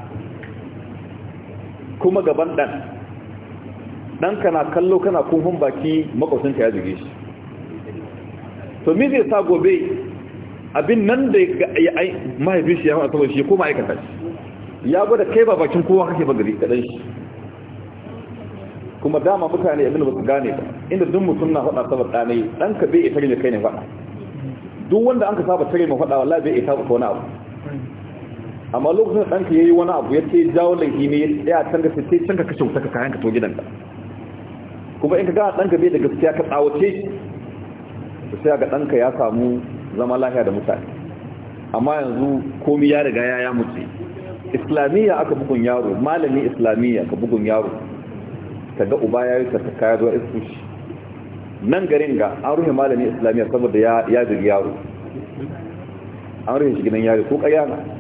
kuma gaban dan dan kana kallo kana kunhun baki makwabcinka ya zuge shi to me zai sa gobe abin nan da ya ai mahaifin shi ya hawa saboda shi ko ma'aikata shi ya gwada kai ba bakin kowa kake ba gari kadan shi kuma dama mutane abin da ba su gane ba inda duk mutum na faɗa saboda ɗanai ɗanka bai ita rage kai ne faɗa duk wanda an ka saba tare mai faɗa wallahi bai ita ko na abu amma lokacin da ɗanka ya yi wani abu ya ce jawo laifi ne ya tsaya can ka ce can ka kashe wuta ka kayan ka to gidanka kuma in ka gana ɗanka bai da gaskiya ka tsawace shi sai ga ɗanka ya samu zama lahiya da mutane amma yanzu komi ya riga ya ya mutu islamiyya aka bugun yaro malami islamiyya ka bugun yaro ka ga uba ya yi sarka kaya zuwa iskushi nan garin ga an rufe malami islamiyya saboda ya jirgi yaro an rufe shi gidan yaro ko ƙayyana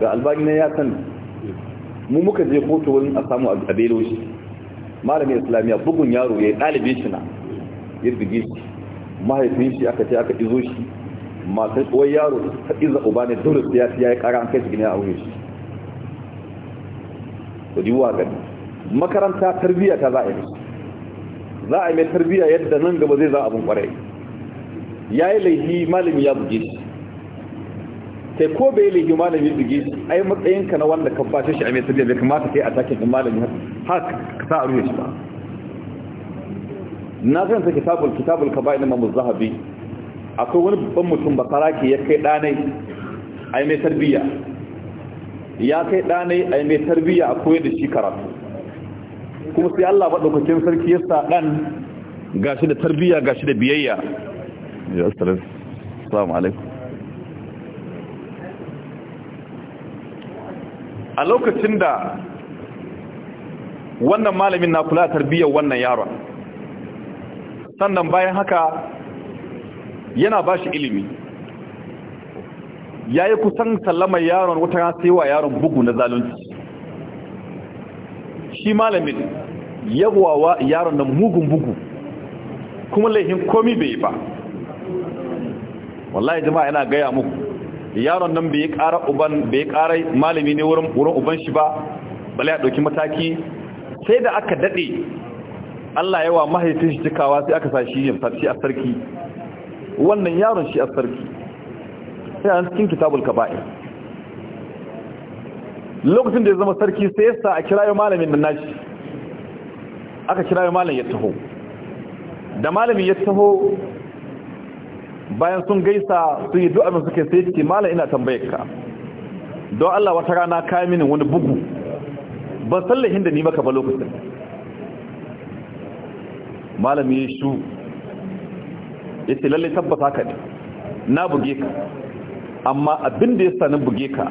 ga albani na ya san mu muka je kotu wurin a samu a shi. malamin islamiyya bugun yaro ya yi ɗalibin shi na ya bige shi mahaifin shi aka ce aka izo shi masu tsohon yaro ta iza uba ne dole su ya yi ƙara an kai shi gina a wurin shi da jiwa gani makaranta tarbiyya ta za a yi za a yi mai tarbiyya yadda nan gaba zai za abin kwarai ya yi laifi malami ya buge shi sai ko bai lege malami bugi ai matsayinka na wanda ka bace shi a mai sirri bai kamata kai attacking din malami har ka sa a ruwa shi ba na san sa kitabul kitabul kaba'ir na mamu zahabi akwai wani babban mutum basarake ya kai ɗanai ai mai tarbiyya ya kai ɗanai ai mai tarbiyya a koyar da shi karatu kuma sai Allah maɗaukakin sarki ya sa ɗan gashi da tarbiyya gashi da biyayya ya assalamu alaikum a lokacin da wannan malamin na kula tarbiyyar wannan yaron sannan bayan haka yana ba shi ilimi ya yi kusan sallama yaron wata sai wa yaron bugu na zalunci shi malamin wa yaron na mugun bugu kuma laifin komi bai ba wallahi jama'a yana gaya muku yaron nan bai kara uban bai ƙara malami ne wurin wurin uban shi ba bale ya dauki mataki sai da aka dade Allah yawa mahaifin shi cikawa sai aka sashi yin sarki a sarki wannan yaron shi a sarki an cikin kitabul kaba'i lokacin da ya zama sarki sai yasa a kirayo malamin nan nashi aka kirayo malamin ya taho da malamin ya taho bayan sun gaisa sun yi du'a suke sai ce malam ina tambayar ka don Allah wata rana ka mini wani bugu ban sallahin da ni maka ba lokacin malami ya shu ya ce lallai tabbata ka ne na buge ka amma abin da ya sani buge ka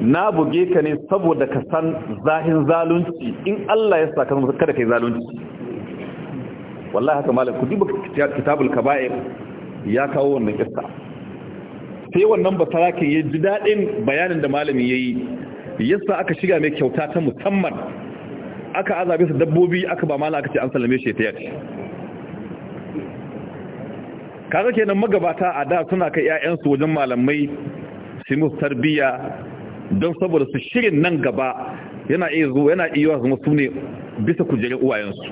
na buge ka ne saboda ka san zahin zalunci in Allah ya sa ka yi kada kai zalunci wallahi haka malam ku duba kitabul kaba'ir ya kawo wannan iska, sai wannan basarakin ya ji daɗin bayanin da malami ya yi yasa aka shiga mai kyauta ta musamman aka azabe su dabbobi aka ba mala aka ce an salame shi ta yace kaga kenan magabata a da suna kai 'ya'yansu wajen malamai su musu tarbiyya don saboda su shirin nan gaba yana iya zuwa yana iya zuwa su ne bisa kujerar uwayensu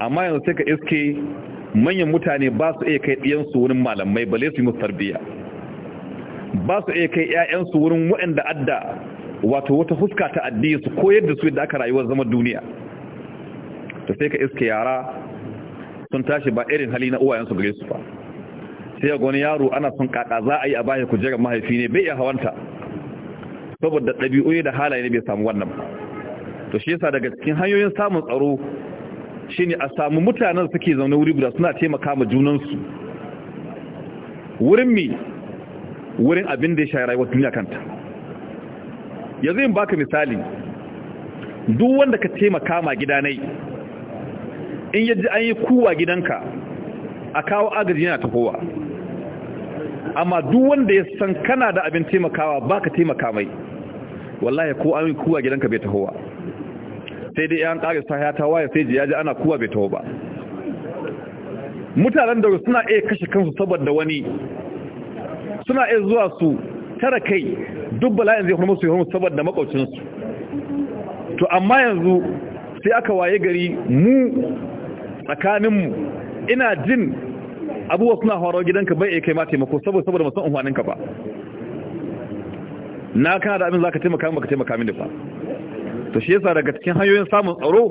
amma yanzu sai ka iske manyan mutane ba su iya kai ɗiyansu wurin malamai bale su yi musu tarbiyya ba su iya kai 'ya'yansu wurin waɗanda adda wato wata fuska ta addini su koyar da su yadda aka rayuwar zama duniya to sai ka iske yara sun tashi ba irin hali na uwayensu gare su ba sai ga wani yaro ana son kaka za a yi a ku kujerar mahaifi ne bai iya hawanta saboda ɗabi'u da halaye ne bai samu wannan ba to shi yasa daga cikin hanyoyin samun tsaro ne a samu mutanen suke zaune wuri guda suna taimaka ma junansu wurin mi wurin abin da ya shayi rayuwar duniya kanta yanzu yin baka misali duk wanda ka taimaka ma gidanai in yaji an yi kuwa gidanka a kawo agaji yana tafowa amma duk wanda ya san kana da abin taimakawa baka taimaka mai wallahi ko an yi kuwa gidanka bai tahowa sai dai yan sa ya ta waya sai ji ya ji ana kuwa bai taho ba mutanen da suna iya kashe kansu saboda wani suna iya zuwa su tara kai duk bala'in zai hurmusu ya hurmusu saboda makaucinsu to amma yanzu sai aka waye gari mu tsakaninmu ina jin abubuwa suna horo gidanka bai kai ma taimako saboda saboda masu unhwaninka ba na kana da abin za ka taimaka min baka ka taimaka min da fa to shi yasa daga cikin hanyoyin samun tsaro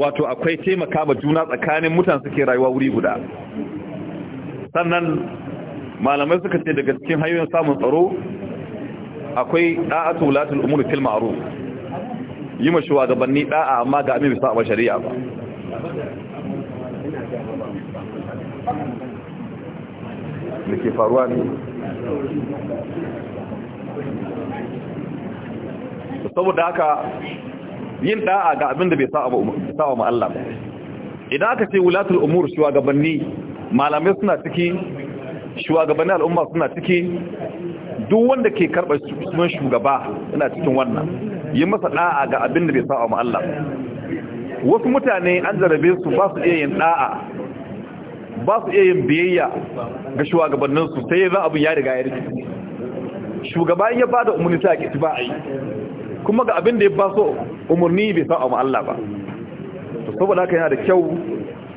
wato akwai taimaka ma juna tsakanin mutane suke rayuwa wuri guda sannan malamai suka ce daga cikin hanyoyin samun tsaro akwai da'atu latul umur fil ma'ruf yi ma gabanni da'a amma ga amin bisa shari'a
ba da ke faruwa ne
su saboda haka yin da'a ga abin da bai sa ma Allah ba idan aka ce wulatul umur shugabanni malamai suna ciki shugabanni al'umma suna ciki duk wanda ke karɓar sunan shugaba suna cikin wannan yi masa da'a ga abin da bai sa'a ma Allah wasu mutane an jarabe su ba su iya yin da'a ba su iya yin biyayya ga shugabanninsu sai ya za abin ya riga ya rikici shugaba ya ba da umarni ta ba a yi kuma ga abin da ya ba so umarni bai sa a Allah ba to saboda haka yana da kyau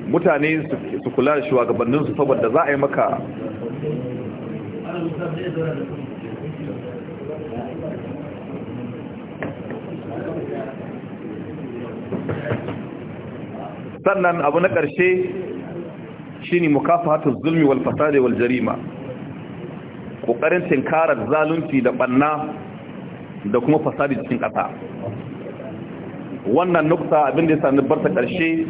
mutane su kula da shugabannin saboda za a yi maka sannan abu na ƙarshe shi shine mukafahatu zulmi wal fasadi wal jarima kokarin tinkarar zalunci da ɓanna. da kuma fasadi cikin ƙasa wannan nukta abin da ya sami barta ƙarshe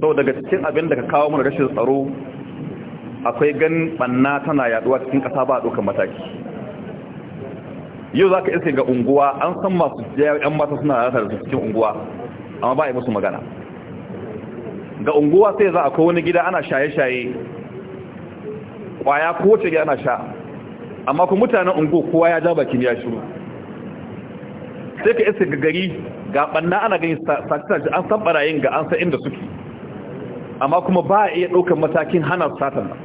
sau daga cikin abin da ka kawo mana rashin tsaro akwai gan ɓanna tana yaduwa cikin ƙasa ba a ɗaukar mataki yau za ka iske ga unguwa an san masu yan mata suna rata da cikin unguwa amma ba a yi musu magana ga unguwa sai za a kawo wani gida ana shaye-shaye ko kowace gida ana sha amma ku mutanen unguwa kowa ya ja bakin ya shiru sai ka isa gari ga banna ana gani sace an san barayin ga an san inda suke amma kuma ba a iya ɗaukar matakin hana satan ba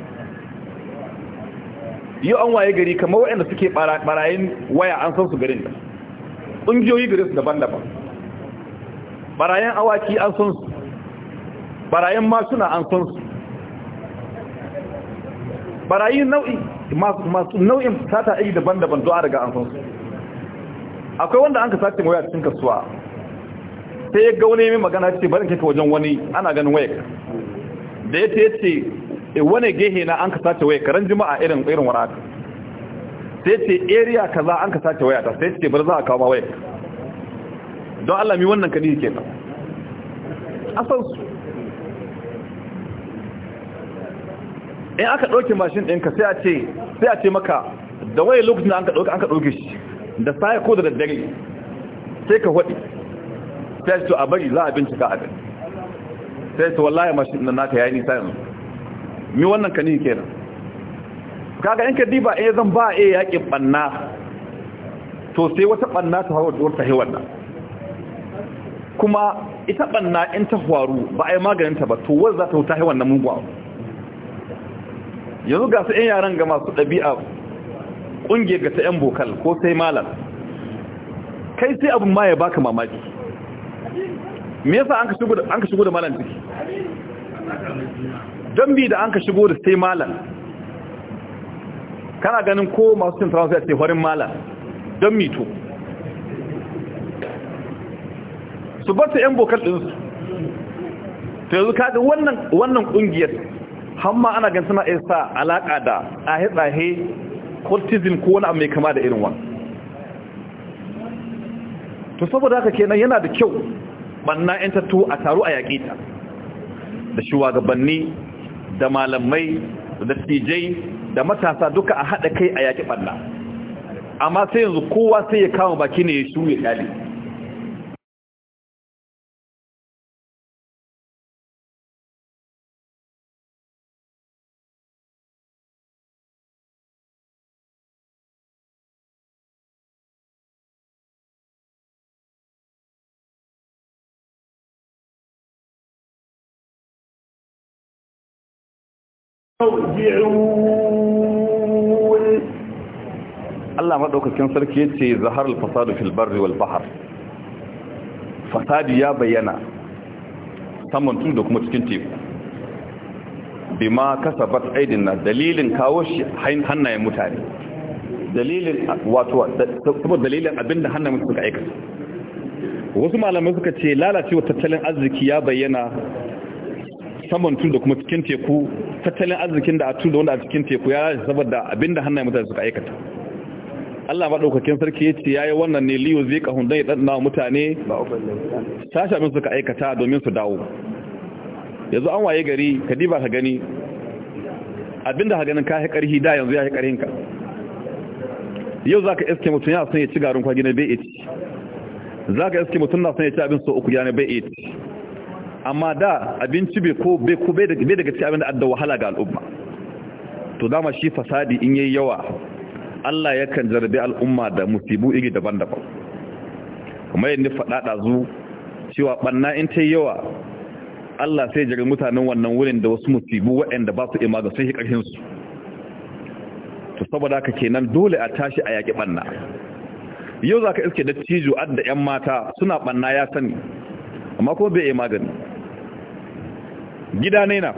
yau an waye gari kamar waɗanda suke barayin waya an san su garin da ƙungiyoyi gare su daban-daban barayin awaki an san su barayin masuna an san su barayin nau'i masu nau'in sata iri daban-daban zuwa daga an san su akwai wanda an ka sace waya cikin kasuwa sai ya ga wani mai magana ce bari kai ka wajen wani ana ganin waya da ya ce eh, wani gehe na an ka sace waya karan jima'a irin irin wani aka sai ce area kaza an ka sace waya ta sai ce bari za a kawo ma waya don Allah mi wannan kadi ke
asan su
in aka ɗauki mashin ɗinka sai a ce maka da waya lokacin da an ka ɗauki shi da sai ko da daddare sai ka hudi sai to a bari za a bincika abin sai to wallahi mashin nan naka yi nisa yanzu mi wannan kanin kenan kaga in ka diba eh zan ba eh yaƙin banna to sai wata banna ta hawa ta hi wannan kuma ita banna in ta faru ba ai maganin ta ba to wanda za ta ta hi wannan mugu yanzu ga su yan yaran ga masu ɗabi'a Kungiyar ga ta 'yan bokal ko sai malam kai sai abin ma ya baka mamaki me yasa an ka shigo da malam ciki bi da an ka shigo da sai malam kana ganin ko masu cin faransa sai ce farin malam don mito su ta 'yan bokal ɗinsu ta yanzu ga wannan kungiyar, hamma ana gan suna isa alaƙa da ahe-tsahe cultism ko wani mai kama da irin wani to saboda haka kenan yana da kyau banna yan tattu a taro a yaƙi ta da shugabanni da malamai da tijai da matasa duka a haɗa kai a yaƙi ɓalla. amma sai yanzu kowa sai
ya kama baki ne ya shuye ƙali
ترجعون sarki مدوكاكين سركي يتي ظهر
fil barri wal والبحر fasadi ya bayyana, saman tun da kuma cikin teku bima kasabat aidin na dalilin kawo shi hannayen mutane dalilin wato kuma dalilin abinda hannayen suka aikata wasu malamai suka ce lalacewa tattalin arziki ya bayyana saman tun da kuma cikin teku tattalin arzikin da a da wanda a cikin teku ya lalace saboda abinda hannayen mutane suka aikata Allah maɗaukakin sarki ya ce ya yi wannan ne liyo zai ƙahun don ya ɗanɗana mutane sashi abin suka aikata domin su dawo yanzu an waye gari ka diba ka gani abinda ka ganin ka yi ƙarhi da yanzu ya yi hinka, yau za ka iske mutum ya son ya ci garin kwagi na bai iti za ka iske mutum na son ya ci abin so uku ya na bai iti amma da abinci bai ko bai ko bai daga cikin abin da adda wahala ga al'umma to dama shi fasadi in yayi yawa Allah yakan jarabi al'umma da musibu iri daban-daban kuma yadda da zu cewa banna in ta yawa Allah sai jarin mutanen wannan wurin da wasu musibu waɗanda ba su ga sun shi su to saboda haka kenan dole a tashi a yaƙi banna yau za ka iske da cijo adda 'yan mata suna ɓanna ya sani amma kuma bai iya magani gida ne na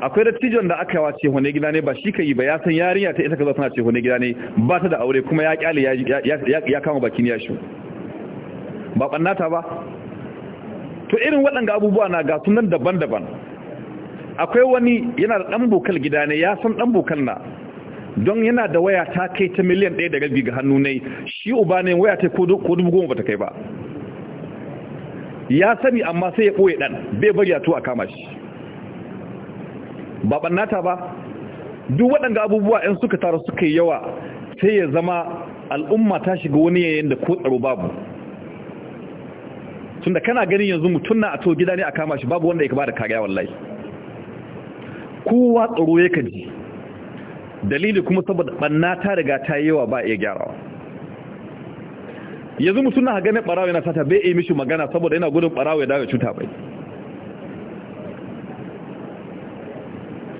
akwai dattijon da aka wace hone gida ne ba shi ka yi ba ya san yarinya ta ita ka zo tana ce hone gida ne ba ta da aure kuma ya kyale ya kama bakin yashi ba ɓannata ba to irin waɗanda abubuwa na ga sunan daban-daban akwai wani yana da ɗanbokal bokal gida ne ya san ɗanbokal na don yana da waya ta kai ta miliyan ɗaya da galbi ga hannu ne shi uba ne waya ta ko dubu goma ba ta kai ba ya sani amma sai ya ɓoye ɗan bai bari a tuwa kama shi ba ɓannata ba duk waɗanda abubuwa ‘yan suka taru suka yi yawa sai ya zama al'umma ta shiga wani yayin da ko tsaro babu tunda kana ganin yanzu mutum na a to gida ne a kama shi babu wanda ya ba da kariya wallahi kowa tsaro ya kaji dalili kuma saboda ɓannata riga ta yi yawa ba iya gyarawa yanzu mutum na ganin barawa yana sata bai yi mishi magana saboda yana gudun barawa ya dawo cuta bai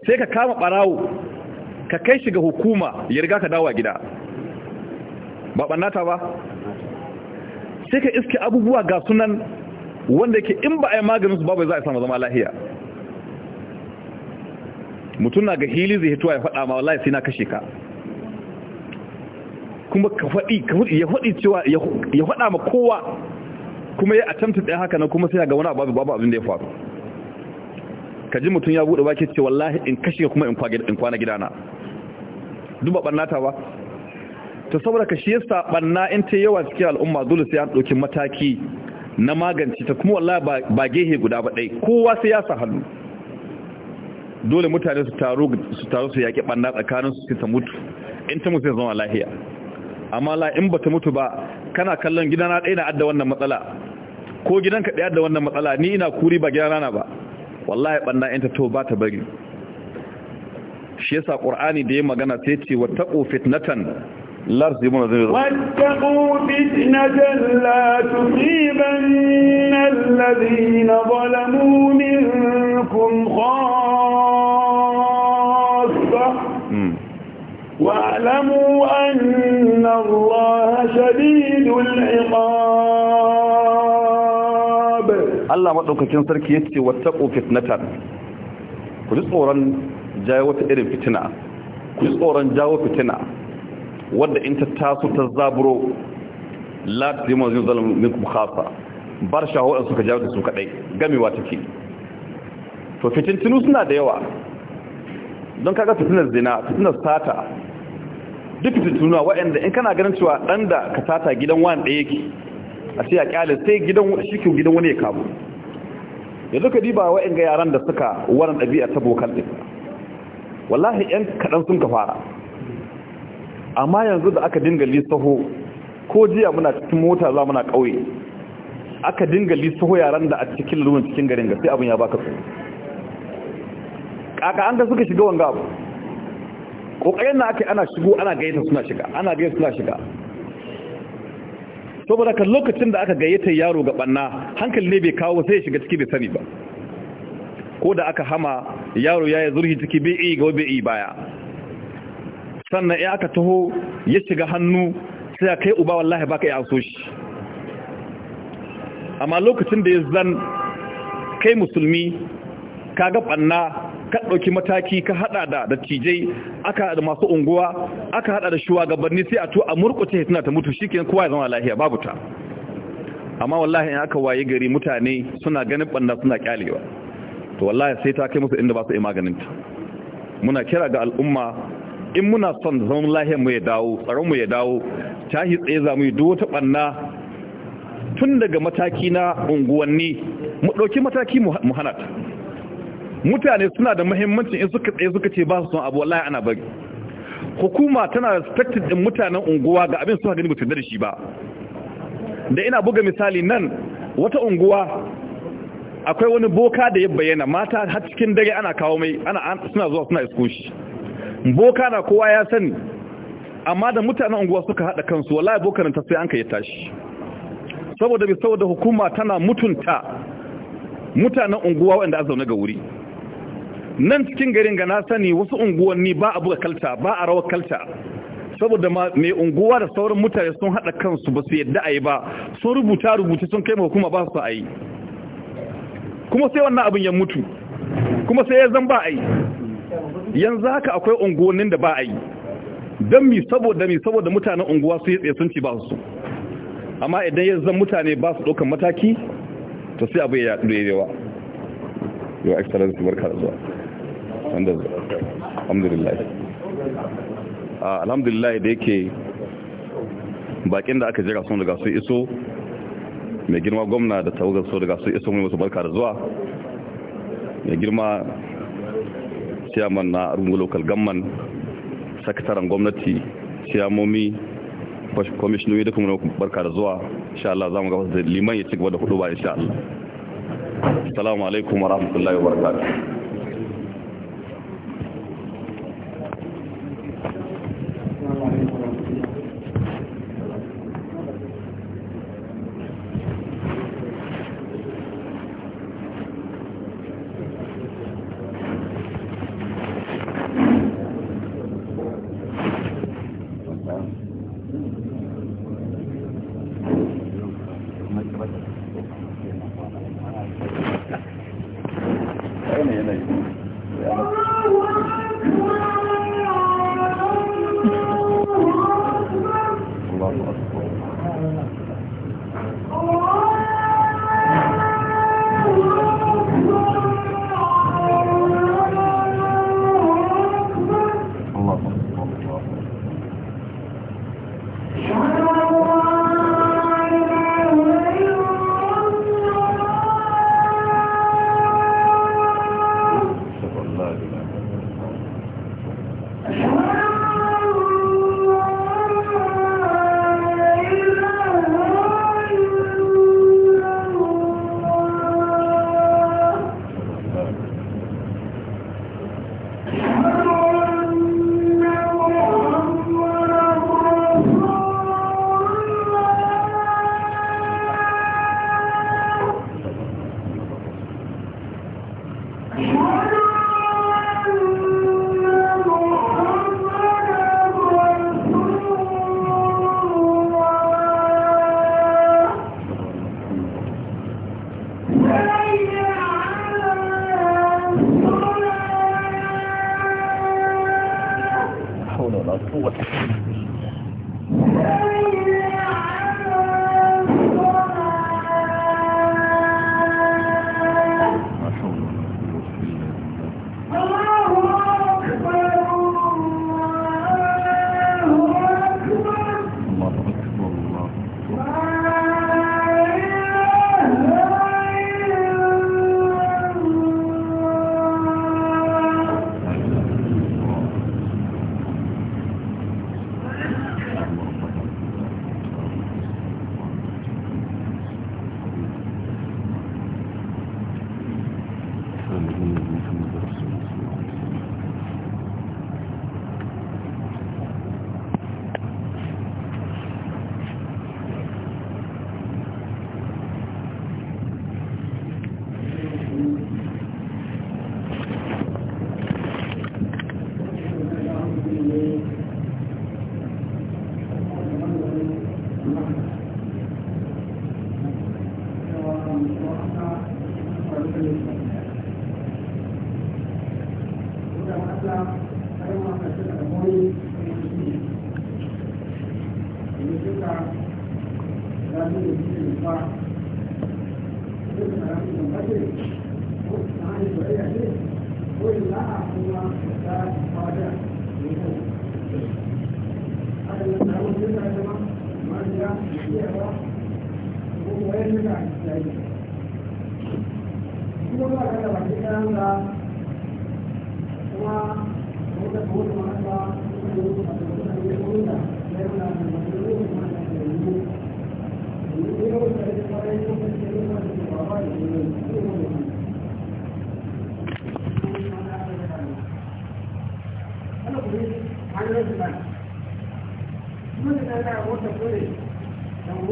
sai ka kama barawo ka kai shi ga hukuma ya riga ka dawo gida ba ɓannata ba sai ka iske abubuwa ga sunan wanda yake in ba a yi maganin su babu za a samu zama lahiya mutum na ga hili zai hito ya faɗa ma wallahi sai na kashe ka kuma ka faɗi ya faɗi cewa ya faɗa ma kowa kuma ya attempt ɗaya haka nan kuma sai ga wani abu babu abin da ya faru ka ji mutum ya buɗe baki ce wallahi in kashe kuma in kwana gidana duba ɓannata ba ta saboda ka shi yasa ɓanna in ta yawa cikin al'umma dole sai an ɗauki mataki na magance ta kuma wallahi ba gehe guda ba dai kowa sai ya sa hannu dole mutane su taru su yaƙi ɓanna tsakanin sai ta mutu in ta mutu zama lahiya amma la in bata mutu ba kana kallon gidana ɗaya na adda wannan matsala ko gidanka ɗaya da wannan matsala ni ina kuri ba gidana na ba wallahi banna yanta to ba ta bari shi yasa qur'ani da ya magana sai ce wattaqu fitnatan لا تزيبون
واتقوا فتنة لا تصيبن الذين ظلموا منكم خاصة واعلموا أن الله
Allah maɗaukakin sarki ya ce يتي واتقوا فتنة ku ji tsoron jawo wata irin fitina ku ji tsoron jawo fitina wadda in ta taso ta zaburo la timo zin zalim minkum khassa bar shaho suka jawo da su kadai gamewa take to fitintinu suna da yawa don kaga fitinar zina fitinar sata duk fitinuwa wa'anda in kana ganin cewa Dan da ka sata gidan wani ɗaya yake a ce a ƙyalin sai gidan shi gidan wani ya kabo yanzu ka diba ga yaran da suka waran ɗabi'a ta bokal ɗin wallahi ‘yan kaɗan sun ka fara amma yanzu da aka dinga lissaho ko jiya muna cikin mota za muna ƙauye aka dinga lissaho yaran da a cikin lalurun cikin garin ga sai abin ya baka tsoro kaka an ga suka shiga wanga abu kokarin na ake ana shigo ana gayyata suna shiga ana gayyata suna shiga saboda kan lokacin da aka gayyata yaro ga banna hankali ne bai kawo sai ya shiga ciki bai sani ba ko da aka hama yaro ya yi zurhi ciki bai iya ga bai iya baya sannan ya aka taho ya shiga hannu sai ya kai uba wallahi baka ya so shi amma lokacin da ya zan kai musulmi kaga banna ka ɗauki mataki ka haɗa da dattijai aka haɗa da masu unguwa aka haɗa da shugabanni sai a to a murƙuce suna ta mutu shi kenan kowa ya zama lahiya babu ta amma wallahi in aka waye gari mutane suna ganin ɓanna suna ƙyalewa to wallahi sai ta kai musu inda ba su yi maganin ta muna kira ga al'umma in muna son zaman lahiyar mu ya dawo tsaron mu ya dawo hi tsaye za mu yi duk wata ɓanna tun daga mataki na unguwanni mu ɗauki mataki mu hana ta mutane suna da mahimmanci in suka tsaye suka ce ba su son abu wallahi ana bari hukuma tana respected din mutanen unguwa ga abin suka gani mutum da shi ba da ina buga misali nan wata unguwa akwai wani boka da ya bayyana mata har cikin dare ana kawo mai ana suna zuwa suna isko shi boka na kowa ya sani amma da mutanen unguwa suka hada kansu wallahi bokanin ta sai an kai tashi saboda bi saboda hukuma tana mutunta mutanen unguwa wanda a zaune ga wuri nan cikin garin ga na sani wasu unguwanni ba a buga kalta ba a rawar kalta saboda mai unguwa da sauran mutane sun haɗa kansu ba su yadda a yi ba sun rubuta rubuta sun kai hukuma ba su a yi kuma sai wannan abin ya mutu kuma sai ya zan ba a yi yanzu haka akwai unguwannin da ba a yi don mi saboda mi saboda mutanen unguwa su yi tsaye sun ci ba su amma idan ya zan mutane ba su ɗaukan mataki to sai abu ya yi yawa yau excellency barka da zuwa sanda alhamdulillah alhamdulillah da yake bakin da aka jira sun daga sun iso mai girma gwamna da tawagar su daga sun iso mai masu barka da zuwa mai girma siyaman na arungu local gamman sakataren gwamnati siyamomi kwamishinoyi da kuma barka da zuwa insha Allah za mu gaba da liman ya ci gaba da hudu ba insha Allah assalamu alaikum wa rahmatullahi wa barakatuh